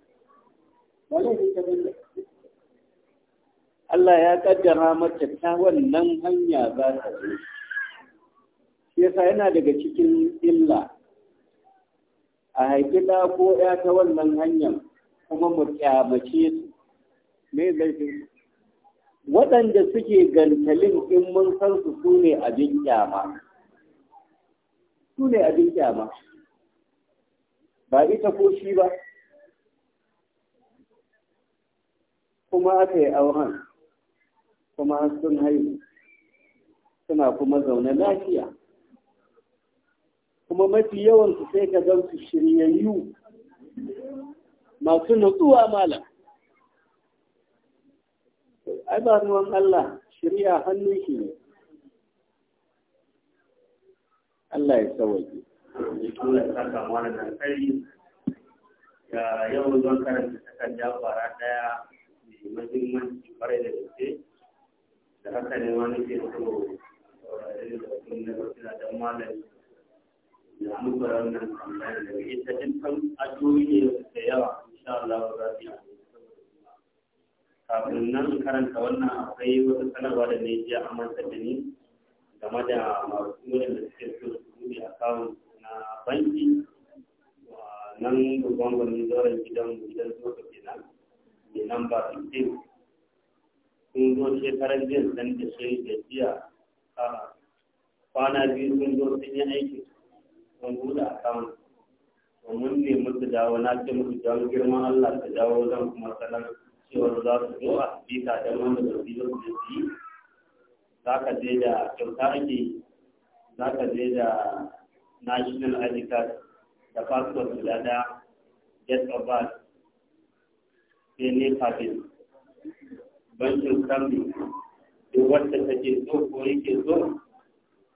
Allah ya kaddara mace ta wannan hanya za ta zo. Shi yasa yana daga cikin illa a haifi haƙiƙa ko ya ta wannan hanyar kuma mu kyamace su. Me laifin? Waɗanda suke gantalin in mun san su su ne abin kyama. Su ne abin kyama. Ba ita ko shi ba. kuma aka yi auren kuma sun haihu suna kuma zaune lafiya kuma mafi yawansu sai ka gan su shiryayyu masu nutsuwa mala ai ba ruwan Allah shirya hannun shi ne Allah ya tsawaki ya yau zan karanta takarda fara daya shi mahimmanci kwarai da gaske da haka ne ma nake so eh, da malami da ne yawa insha kafin nan karanta wannan akwai wata sanarwa da ne jiya a manta da ni da masu da suke so akawun na banki nan babban gwamnati gidan gidan zuwa kenan da number 15 sun zo shekarar jin dan da shi da jiya a kwana biyu sun zo sun yi aiki sun buɗe account to mun ne musu dawo na ce musu don girman Allah ta dawo zan kuma sanar cewar za su zo a spika don wanda da su yi su yi za ka je da kyauta ake za ka je da national ID da passport guda ɗaya get a birth sai ne kafin bankin kambi duk wadda take so ko yake so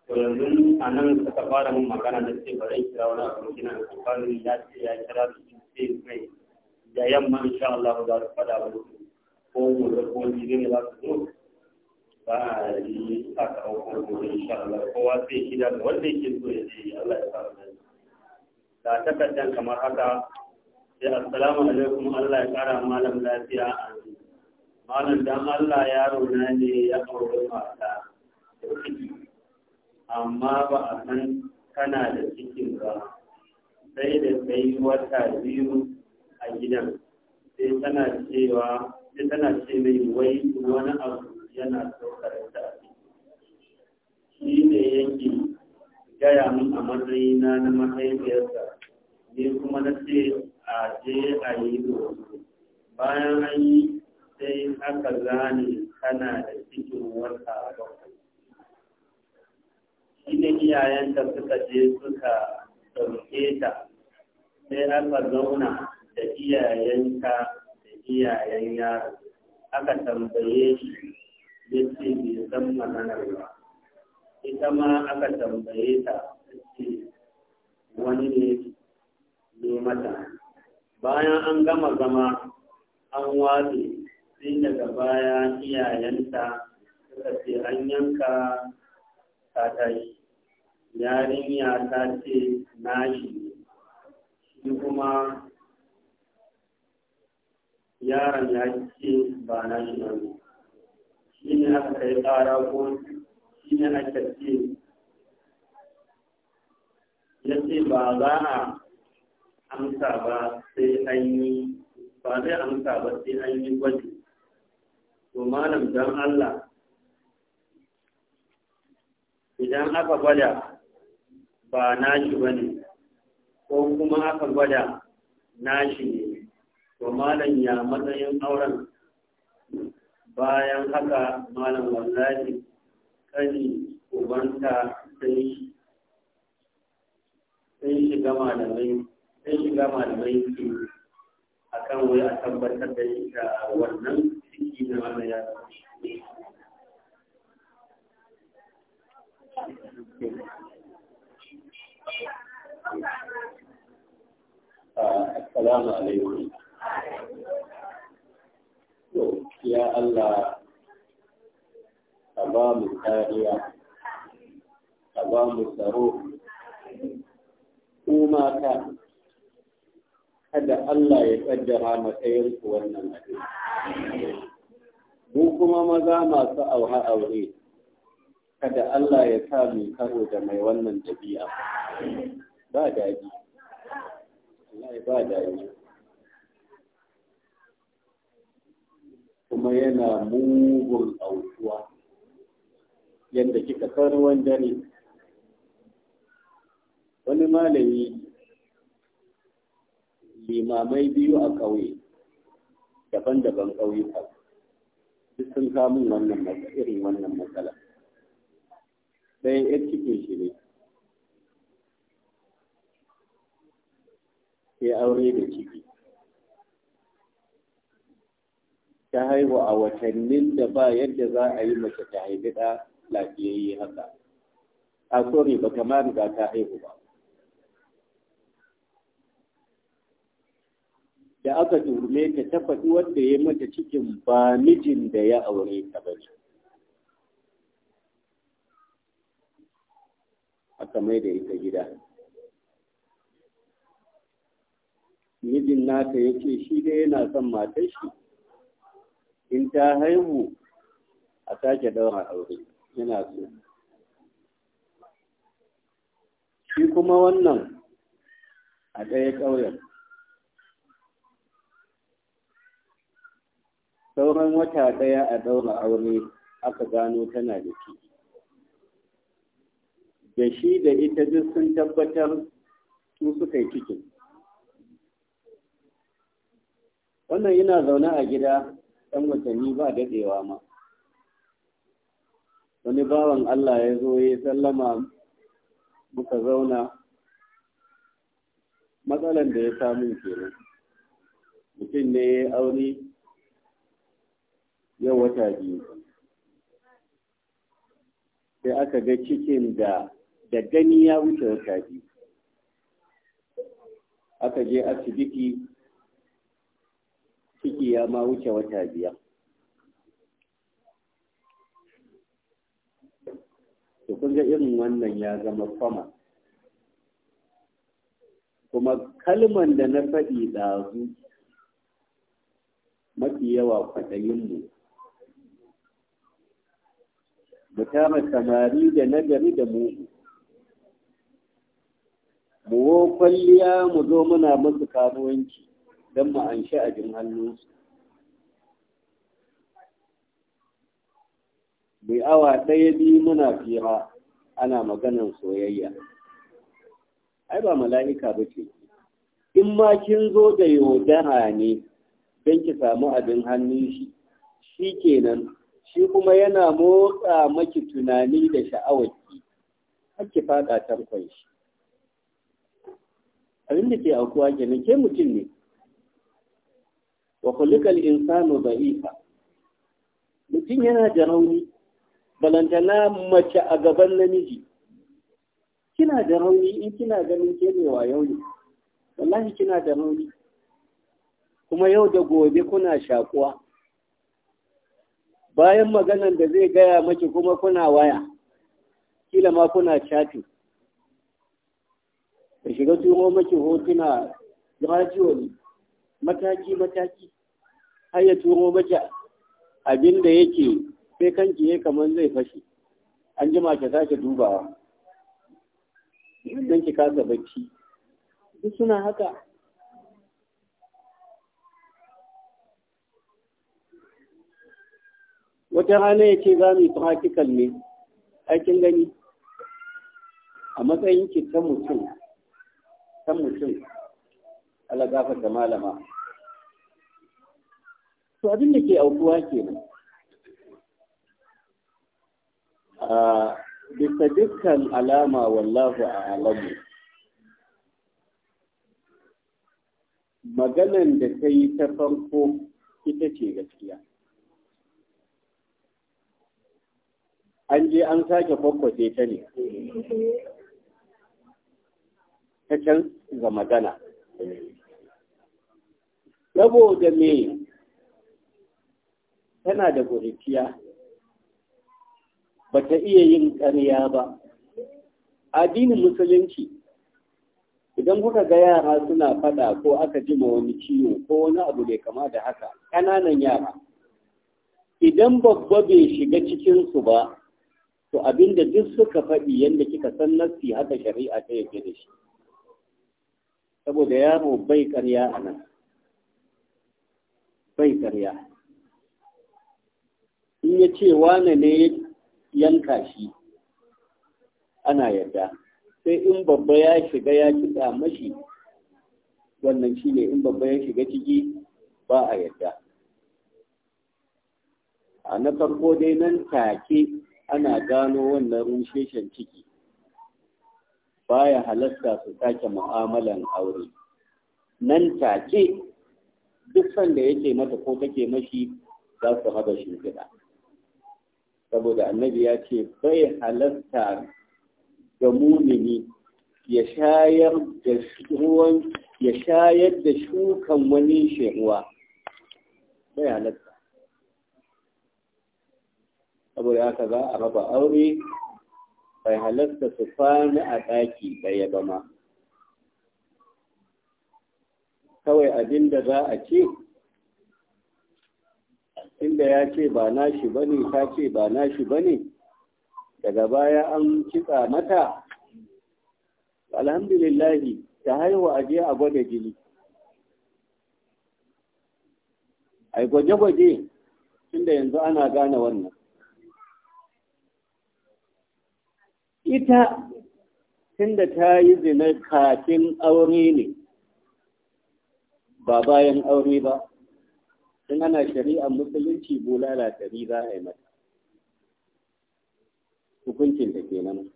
to yanzu a nan suka fara mun magana da ce bari kira wani abokina da kamfanin ya ce ya kira su sun ce mai da yamma insha Allah za su fada wani ko mu da ko jibi ne za su zo ba a yi sakamakon gobe insha Allah kowa sai shida da wanda yake so ya je Allah ya fara da takardar kamar haka sai assalamu alaikum Allah ya kara malam lafiya a malam dan Allah yaro na ne ya aure mata amma ba a san kana da cikin ba sai da sai wata biyu a gidan sai tana cewa sai tana ce mai wai wani abu yana saukar da shi ne yake gaya min a matsayina na mahaifiyarsa ne kuma na ce a je a yi bayan an yi sai aka zane kana da cikin wata bakwai shi ne iyayenta suka je suka ɗauke ta sai aka zauna da iyayenta da iyayen yaro aka tambaye shi ya ce bai san ba ita ma aka tambaye ta ce wani ne ne mata bayan an gama zama an watsi sai daga baya iyayenta suka ce an yanka tatashi yarinya ta ce na shi shi kuma yaron ya ce ba shi ba ne shi ne aka kai tsara ko shi ne aka ce ya ce ba za a amsa ba sai an yi ba zai amsa ba sai an yi gwaji to malam don Allah idan aka gwada ba nashi ba ne ko kuma aka gwada nashi ne to malam ya matsayin auren bayan haka malam wallahi kani ubanta sai sun shiga malamai sai shiga malamai ke a kan wai a tabbatar da ita wannan ciki na wannan ya Assalamu alaikum. To, ya Allah, ka ba mu kariya, ka ba mu tsaro, kuma ka. kada Allah ya kaddara matsayin ku wannan abin mu kuma maza masu auha aure kada Allah ya sa mu karo da mai wannan dabi'a ba daji Allah ba daji kuma yana mugun aukuwa yadda kika san wanda dare wani malami limamai biyu a ƙauye daban-daban ƙauyuka duk sun kamun wannan irin wannan matsala ɗayan yar cikin shi ne sai aure da ciki ta haihu a watannin da ba yadda za a yi mace ta haifi ɗa lafiyayye haka a sorry ba kamar ma riga ta haihu ba da aka durme ta ta faɗi wanda ya mata cikin ba mijin da ya aure ta ba ne. Aka mai da ita gida. Mijin nata ya ce shi dai yana son matar shi, in ta haihu a sake daura aure yana so. Shi kuma wannan a ɗaya ƙauyen. sauran wata ɗaya a zaura aure aka gano tana da ciki da shi da ita duk sun tabbatar su suka yi cikin wannan yana zaune a gida ɗan watanni ba daɗewa ma wani bawan Allah ya zo ya sallama muka zauna matsalan da ya samu kenan mutum ne ya aure yau wata biyu sai aka ga cikin da da gani ya wuce wata biyu aka je asibiti ciki ya ma wuce wata biyar to kun ga irin wannan ya zama kwama kuma kalman da na faɗi ɗazu mafi yawa mu mu tara samari da nagari da mugu mu wo kwalliya mu zo muna musu karuwanci don mu an sha'ajin hannunsu mai awa ɗaya biyu muna fira ana maganan soyayya ai ba mala'ika ba ce in ma kin zo da yaudara ne don ki samu abin hannun shi shi kenan shi kuma yana motsa maki tunani da sha'awarki hakki fada tarkon shi abin da ke aukuwa kenan ke mutum ne wa kulikal insanu da'ifa mutum yana da rauni balantana mace a gaban namiji kina da rauni in kina ganin ke yau ne wallahi kina da rauni kuma yau da gobe kuna shakuwa bayan maganan da zai gaya maki kuma kuna waya kila ma kuna chatting ka shiga turo maki hotuna gradually mataki mataki har ya turo maki abin da yake sai kanki ya kamar zai fashe an jima ka sake dubawa don ki kasa bacci duk suna haka wata rana ya ce za mu yi practical ne aikin gani a matsayin ki ta mutum ta mutum ala gafar da malama to abin da ke aukuwa ke nan. a bisa dukkan alama wallahu a alamu maganan da ta yi ta farko ita ce gaskiya an je an sake kwakwace ta ne ta can ga magana saboda me tana da guriciya ba ta iya yin ƙarya ba addinin musulunci idan kuka ga yara suna fada ko aka jima wani ciwo ko wani abu da kama da haka ƙananan yara idan babba bai shiga cikinsu ba to abinda duk suka faɗi yadda kika san nassi haka shari'a ta yake da shi saboda yaro bai ƙarya a nan bai ƙarya in ya ce wane ne yanka shi ana yadda. sai in babba ya shiga ya ci mashi wannan shi ne in babba ya shiga ciki ba a yadda. a na farko dai nan take ana gano wannan rusheshen ciki baya halasta su sake mu'amalan aure nan take duk sanda yake mata ko take mashi za su haɗa shimfiɗa saboda annabi ya ce bai halasta ga mumini ya shayar da ruwan ya shayar da shukan wani shehuwa bai halasta saboda haka za a raba aure bai halatta su kwana a ɗaki ɗaya ba ma kawai abinda za a ce inda ya ce ba nashi ba ne ta ce ba nashi ba ne daga baya an kitsa mata alhamdulillahi ta haihu a je a gwada jini a gwaje-gwaje inda yanzu ana gane wannan ita tunda ta yi zina kafin aure ne ba bayan aure ba tun ana shari'ar musulunci bulala tari za a yi mata hukuncin da ke nan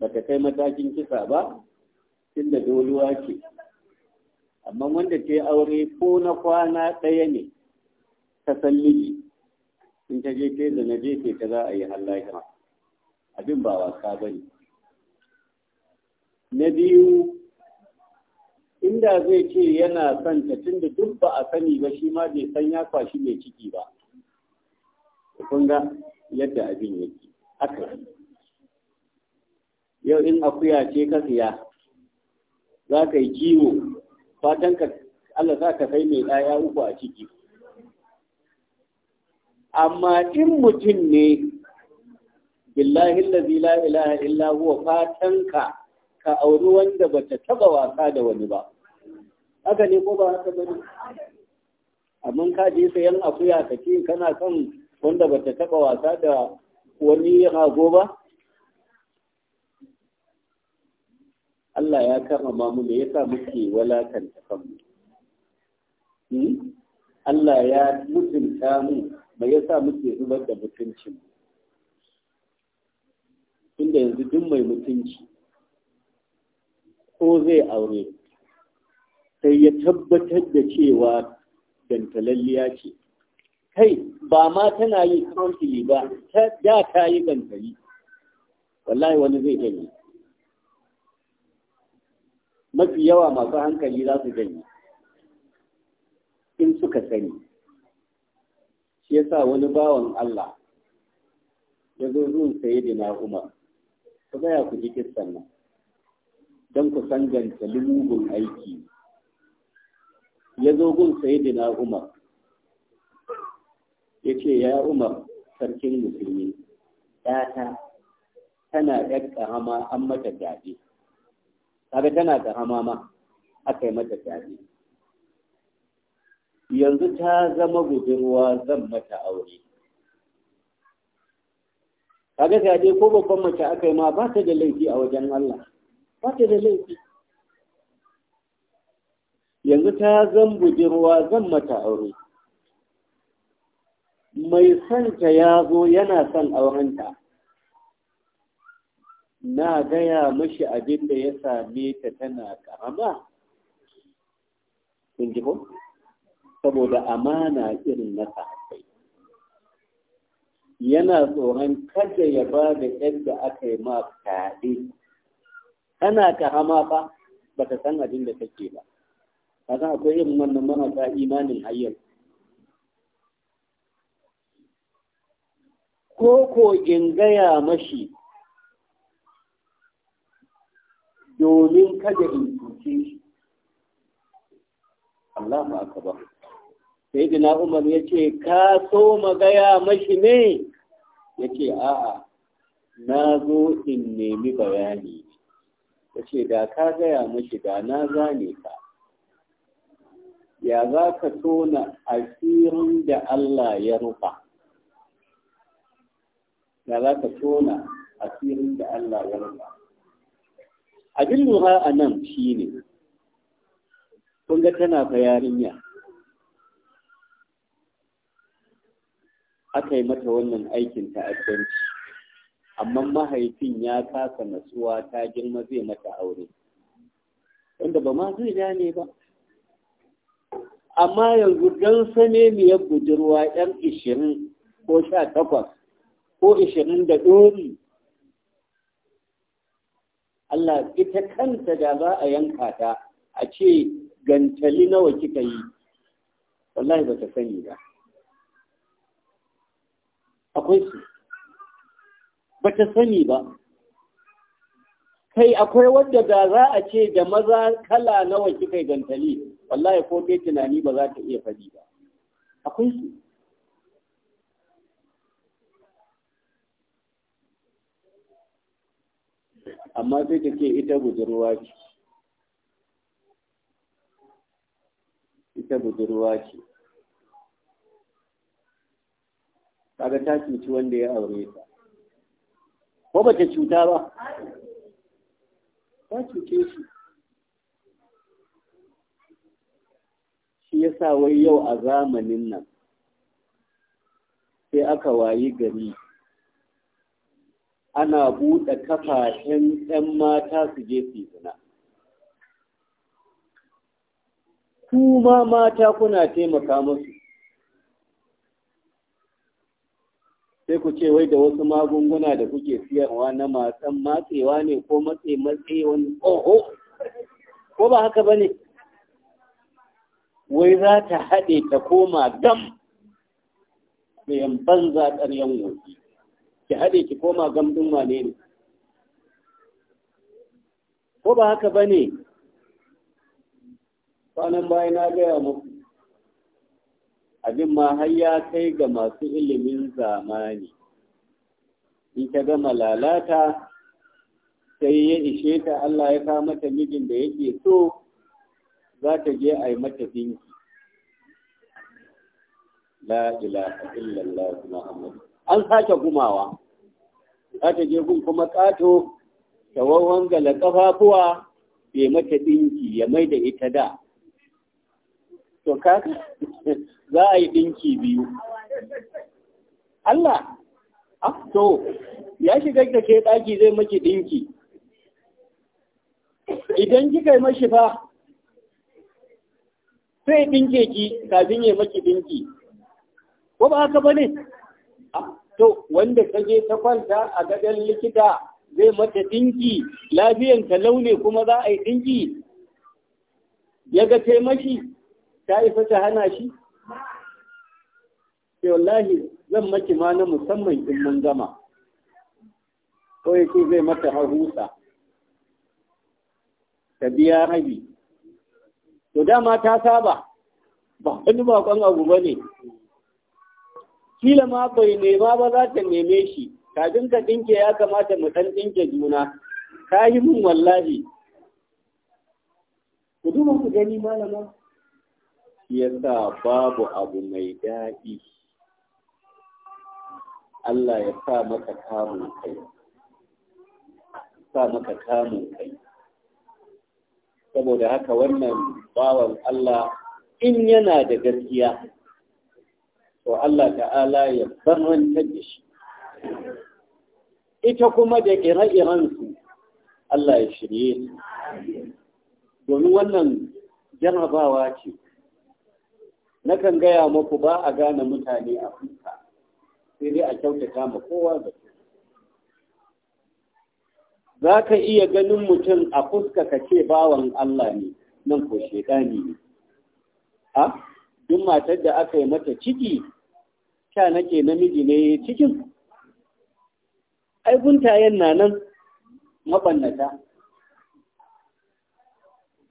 ba ta kai matakin kisa ba tunda doluwa ce amma wanda ta yi aure ko na kwana ɗaya ne ta san miji in ta je ta zanaje je ta za a yi hallahira abin ba wasa ba ne na biyu inda zai ce yana son ta tunda duk ba a sani ba shi ma bai san ya kwashi mai ciki ba kun ga yadda abin yake haka yau in akuya ce ka siya za ka yi kiwo fatan ka Allah za ka kai mai ɗaya uku a ciki amma in mutum ne billahi allazi la ilaha illa huwa fatanka ka auri wanda bata taba wasa da wani ba haka ne ko ba haka bane amma ka je sayan akuya ka ce kana son wanda bata taba wasa da wani hago ba Allah ya karrama mu ne yasa muke walakanta kanmu hmm? Allah ya mutunta mu me yasa muke zubar da mutuncin inda yanzu duk mai mutunci ko zai aure sai ya tabbatar da cewa dantalalliya ce kai ba ma tana yi kawai ba ta da ta yi gantali wallahi wani zai gani mafi yawa masu hankali za su gani in suka sani shi yasa wani bawan Allah ya zo zuwan sayi da na'umar. ku gaya ku ji kistan nan don ku sanganta lumugun aiki ya zo gun dina umar ya ce ya umar sarkin musulmi ɗata tana ɗan ƙarama an mata fyaɗe kaga tana ƙarama ma aka yi mata fyaɗe yanzu ta zama gudunwa zan mata aure kaga sai ko babban mace aka yi ma ba ta da laifi a wajen Allah ba ta da laifi yanzu ta zan bujirwa zan mata aure mai santa ya zo yana son aurenta na gaya mashi abin da ya same ta tana karama kun ji ko saboda amana irin nasa yana tsoron kada ya ba da yadda aka yi ma kaɗe ana ka hama ba ba ta san abin da take ba a akwai yin wannan marasa imanin hayyar ko ko in gaya mashi domin kada in cuce shi Allah ma aka ba sai umar ya ce ka so magaya mashi ne ya ce a'a na zo in nemi bayani ya ce da ka gaya mashi da na zane ka ya za ka tona asirin da Allah ya rufa ya za ka tona asirin da Allah ya rufa abin lura a nan shi ne tana fa yarinya aka yi mata wannan aikin ta'addanci amma mahaifin ya kasa natsuwa ta girma zai mata aure wanda ba ma zai gane ba amma yanzu don sane ya budurwa yan ishirin ko sha takwas ko ishirin da ɗori Allah ita kanta da za a yanka ta a ce gantali nawa kika yi wallahi ba ta sani ba akwai su ba ta sani ba kai akwai wadda da za a ce da maza kala nawa kika gantali wallahi ko kai tunani ba za ta iya faɗi ba akwai su amma sai ta ce ita budurwa ce ita budurwa ce kaga ta cuci wanda ya aure ta ko ba ta cuta ba ta cuce shi shi ya sa wai yau a zamanin nan sai aka wayi gari ana buɗe kafafen ɗan mata su je su zina. Kuma mata kuna taimaka musu sai ku ce wai da wasu magunguna da kuke siyarwa na matsan matsewa ne ko matse matse wani oho ko ba haka ba ne wai za ta haɗe ta koma gam mai banza ƙaryan wofi ki haɗe ki koma gam ɗin wane ne ko ba haka ba ne kwanan bayan na gaya muku abin ma har ya kai ga masu ilimin zamani in ta gama lalata sai ya ishe ta Allah ya kawo mata mijin da yake so za ta je a yi mata dinki la ilaha illallah muhammad an sake gumawa za ta je gun kuma kato ta wawan gala kafafuwa bai mata dinki ya mai da ita da to kaka za a yi ɗinki biyu Allah ah, to ya shiga da ke ɗaki zai maki ɗinki idan kika yi mashi fa sai ɗinke ki kafin ya maki ɗinki ko ba haka ba ne ah, to wanda ka je ta kwanta a gadan likita zai mata ɗinki lafiyanta launi kuma za a yi ɗinki ya ga taimaki. ta isa ta hana shi sai wallahi zan maki ma na musamman in mun gama ko yake zai mata harusa ta biya rabi to dama ta saba ba wani bakon abu ba ne kila ma bai nema ba za ta neme shi kafin ka ɗinke ya kamata mu ɗan ɗinke juna ka yi mun wallahi ku duba ku gani malama yasa babu abu mai daɗi Allah ya sa maka kamun kai sa maka kamun kai saboda haka wannan bawan Allah in yana da gaskiya to Allah ta'ala ya barrantar da shi ita kuma da ire-irensu Allah ya shirye su domin wannan jarabawa ce nakan gaya muku ba a gane mutane a fuska sai dai a kyautata ma kowa da su za ka iya ganin mutum a fuska ka ce bawan Allah ne nan ko shekani ne a duk matar da aka yi mata ciki sha nake namiji ne cikin ai guntayen na nan mabannata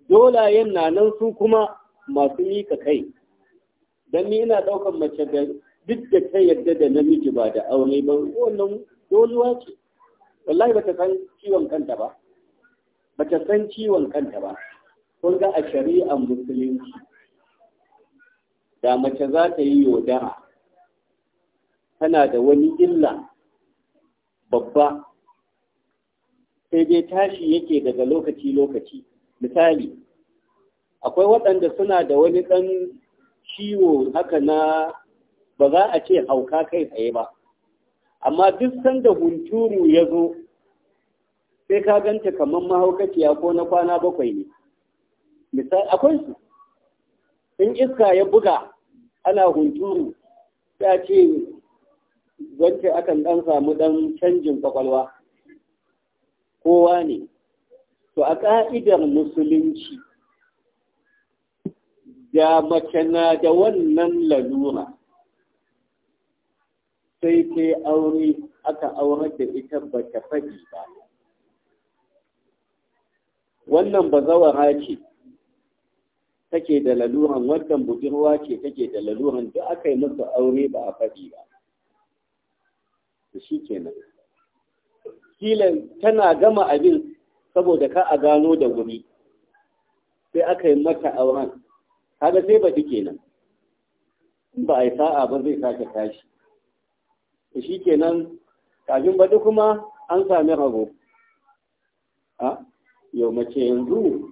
dolayen na nan su kuma masu mika kai dan ni ina daukan mace da duk da ta yadda da namiji ba da aure ba wannan dozuwa ce wallahi ta san ciwon kanta ba ba ta san ciwon kanta ba kun ga a shari'an musulunci da mace za ta yi yodara tana da wani illa babba sai dai tashi yake daga lokaci-lokaci misali akwai waɗanda suna da wani ɗan ciwo haka na ba za a ce hauka kai tsaye ba amma duk sanda hunturu ya zo sai ka ganta kamar mahaukaciya ko na kwana bakwai ne misali akwai su in iska ya buga ana hunturu Ya ce zance akan ɗan samu ɗan canjin kwakwalwa kowa ne to a ƙa'idar musulunci da mace na da wannan lalura sai ta aure aka aure da ita ba ta faɗi ba wannan bazawara ce take da laluran wannan budurwa ce take da laluran duk aka yi masa aure ba a faɗi ba shi kenan kila tana gama abin saboda ka a gano da wuri sai aka yi mata auren kaga sai ba kenan in ba a yi sa'a ba zai sake tashi to shi kenan kafin baɗi kuma an sami rago a yau mace yanzu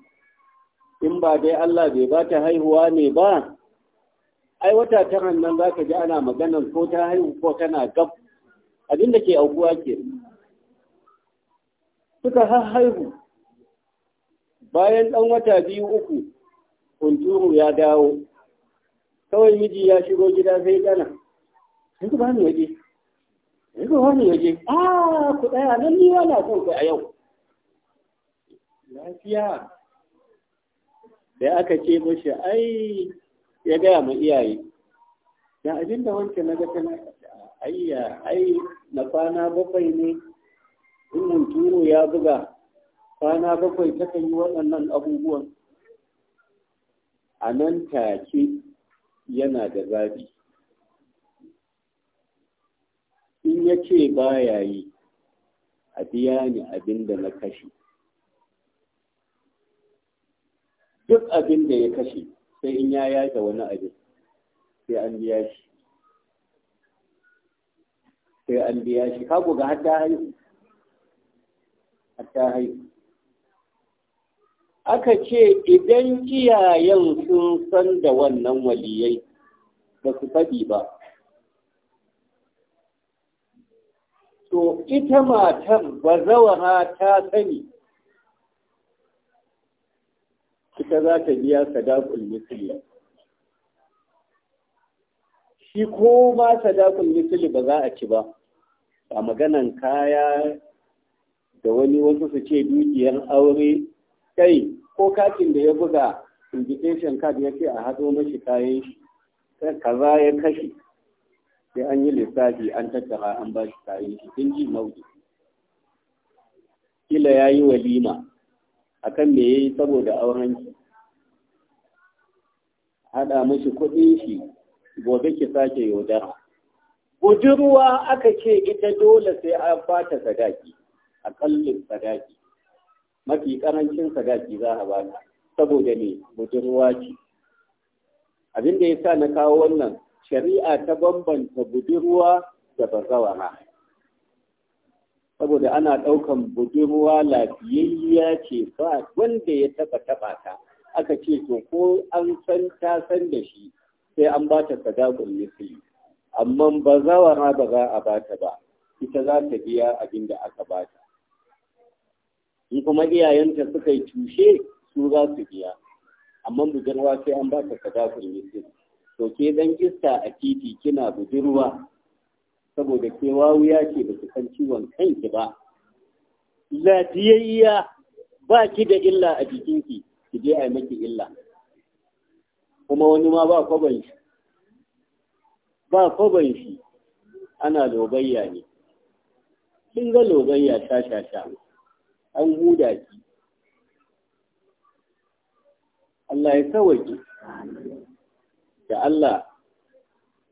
in ba dai Allah bai ba ta haihuwa ne ba ai wata taran nan za ka ji ana maganar ko ta haihu ko tana gab abin da ke aukuwa ke suka haihu bayan ɗan wata biyu uku hunturu ya dawo kawai miji ya shigo gida zai gana sai ku bani waje sai ku bani waje ah ku tsaya nan ni wala son ku a yau lafiya da aka ce mashi ai ya gaya ma iyaye da abinda wanke na ga tana ayya ai na kwana bakwai ne in hunturu ya buga kwana bakwai takan yi waɗannan abubuwan a nan take yana da zafi. in ya ce ba ya yi a biya ni abin da na kashe duk abin da ya kashe sai in ya yaga wani abin sai an biya shi sai an biya shi kago ga hatta haihu hatta haihu aka ce idan iyayen sun san da wannan waliyai ba su faɗi ba to ita matar bazawara ta sani ita za ta biya sadakun misali. shi ko ba sadakun misali ba za a ci ba a maganan kaya da wani wasu su ce dukiyar aure kai ko katin da ya buga invitation card ya ce a haɗo mashi kayan shi kaza ya kashe sai an yi lissafi an tattara an ba shi kayan shi sun ji mauki kila ya yi walima akan me ya saboda auren shi haɗa mashi kuɗin shi gobe ki sake yaudara budurwa aka ce ita dole sai an bata sadaki aƙallin sadaki mafi karancin sadaki za a baka saboda ne budurwa ce abin da ya sa na kawo wannan shari'a ta bambanta budurwa da bazawara saboda ana ɗaukan budurwa lafiyayya ce ba wanda ya taba taba ta aka ce to ko an san ta san da shi sai an ba ta sadakun misali amma bazawara ba za a ba ta ba ita za ta biya abin da aka ba ta in kuma iyayenta suka yi tushe su za su biya amma budurwa sai an ba ta kada su to ke dan iska a titi kina budurwa saboda ke wawuya ce ba su san ciwon kanki ba lafiyayya ba ki da illa a jikinki ki je a maki illa kuma wani ma ba kwaban shi ba kwaban shi ana lobayya ne kin ga lobayya sha sha sha an huda ki Allah ya sawaki da Allah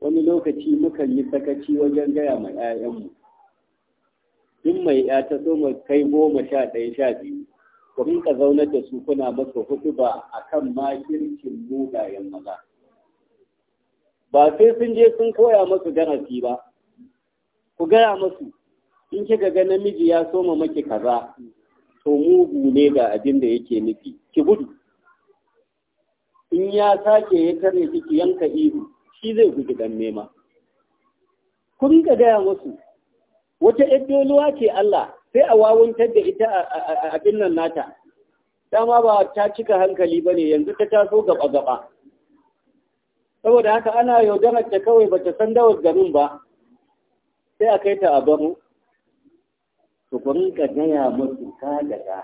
wani lokaci muka yi sakaci wajen gaya ma 'ya'yanmu duk mai ya ta so mu kai goma sha ɗaya sha biyu ku rinka zaunar da su kuna masa hudu ba a kan makircin mugayen maza ba sai sun je sun koya masu ganasi ba ku gaya masu in kika ga namiji ya soma maki kaza to mugu ne ga abin da yake nufi ki gudu in ya sake ya karya ki yanka ihu shi zai guji dan nema kun ga gaya musu wata iddoluwa ce Allah sai a wawuntar da ita a abin nan nata dama ba ta cika hankali ba ne yanzu ta taso gaba-gaba saboda haka ana yaudarar ta kawai ba ta san dawar garin ba sai a kai ta a baro Tukurin ka rinka gaya musu ka daga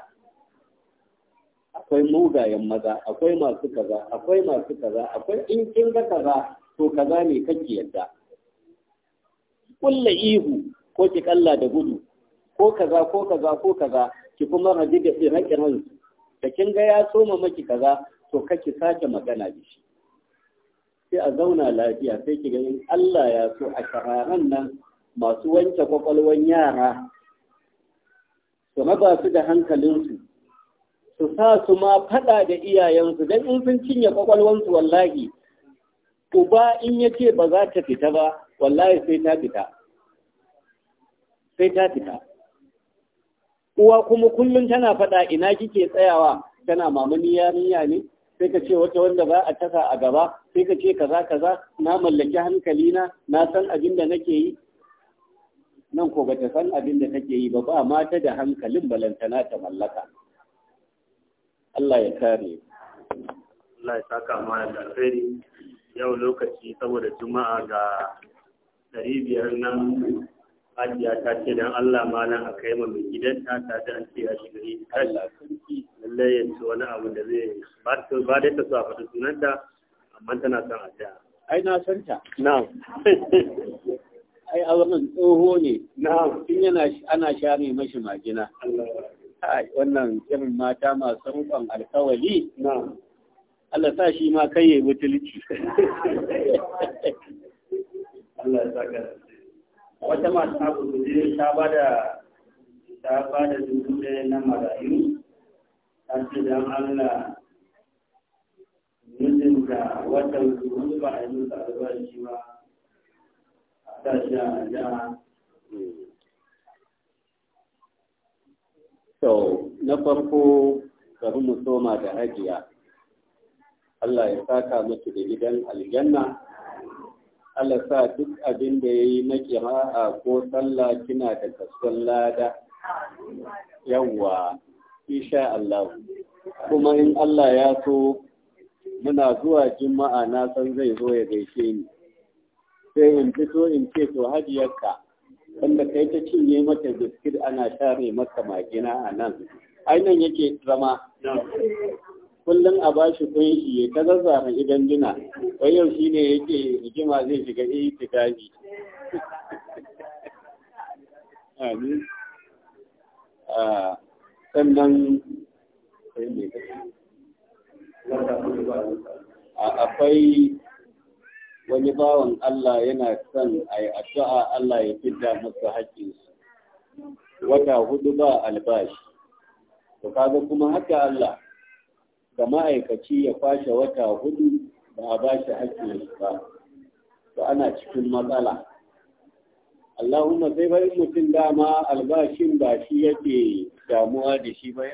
akwai mugayen maza akwai masu kaza akwai masu kaza akwai in kin ga kaza to kaza ne kake yadda kulla ihu ko ki kalla da gudu ko kaza ko kaza ko kaza ki kuma rabi da tsirakiran da kin ga ya soma maki kaza to kake sake magana da shi sai a zauna lafiya sai ki ga in Allah ya so a shararan nan masu wanke kwakwalwan yara game ba su da hankalinsu su sa su ma faɗa da iyayensu don in sun cinye kwakwalwansu wallahi uba in ya ce ba za ta fita ba wallahi sai ta fita sai ta fita uwa kuma kullum tana faɗa ina kike tsayawa tana mamani yarinya ne sai ka ce wata wanda ba a tasa a gaba sai ka ce kaza kaza na mallaki hankalina na san abin da nake yi nan ko bata san abin da take yi ba ba mata da hankalin balantana ta mallaka Allah ya kare Allah ya saka mana da alheri yau lokaci saboda juma'a ga dari biyar nan Hajiya ta ce dan Allah malam a kai mai gidanta ta da an ce ya shiga yi lallai ce wani abu da zai ba dai ta so a faɗi sunanta amma tana son a ai na san ta na'am ai auren tsoho ne in yana ana share mashi majina wannan irin mata masu rufan alkawali Allah sa shi ma kai yayi mutulci Allah ya saka wata mata abu ne ta bada ta bada dubu na marayu ta ce dan Allah mutum da wata dubu ba a yi musu shi ma So, na farko gari mu soma da hajiya. Allah ya saka mutu da gidan aljanna. Allah sa duk abin da ya yi na ha'a ko sallah kina da kasuwan lada. Yawwa, insha Allah. Kuma in Allah ya so, muna zuwa juma'a na san zai zo ya gaishe ni. sai in fito in ce to hajiyarka wanda kai ta cinye mata biskit ana share maka magina a nan ainihin yake zama kullum a bashi shi ya ta zazzara idan dina wai yau shi ne yake rigima zai shiga itikafi amin ah, sannan ah, akwai wani bawan Allah yana son a yi addu'a Allah ya fidda masu haƙƙinsu wata hudu ba albashi to kaga kuma haka Allah da ma'aikaci ya kwashe wata hudu ba a ba shi haƙƙinsu ba to ana cikin matsala Allahumma sai bari mutum dama albashin ba shi yake damuwa da shi ba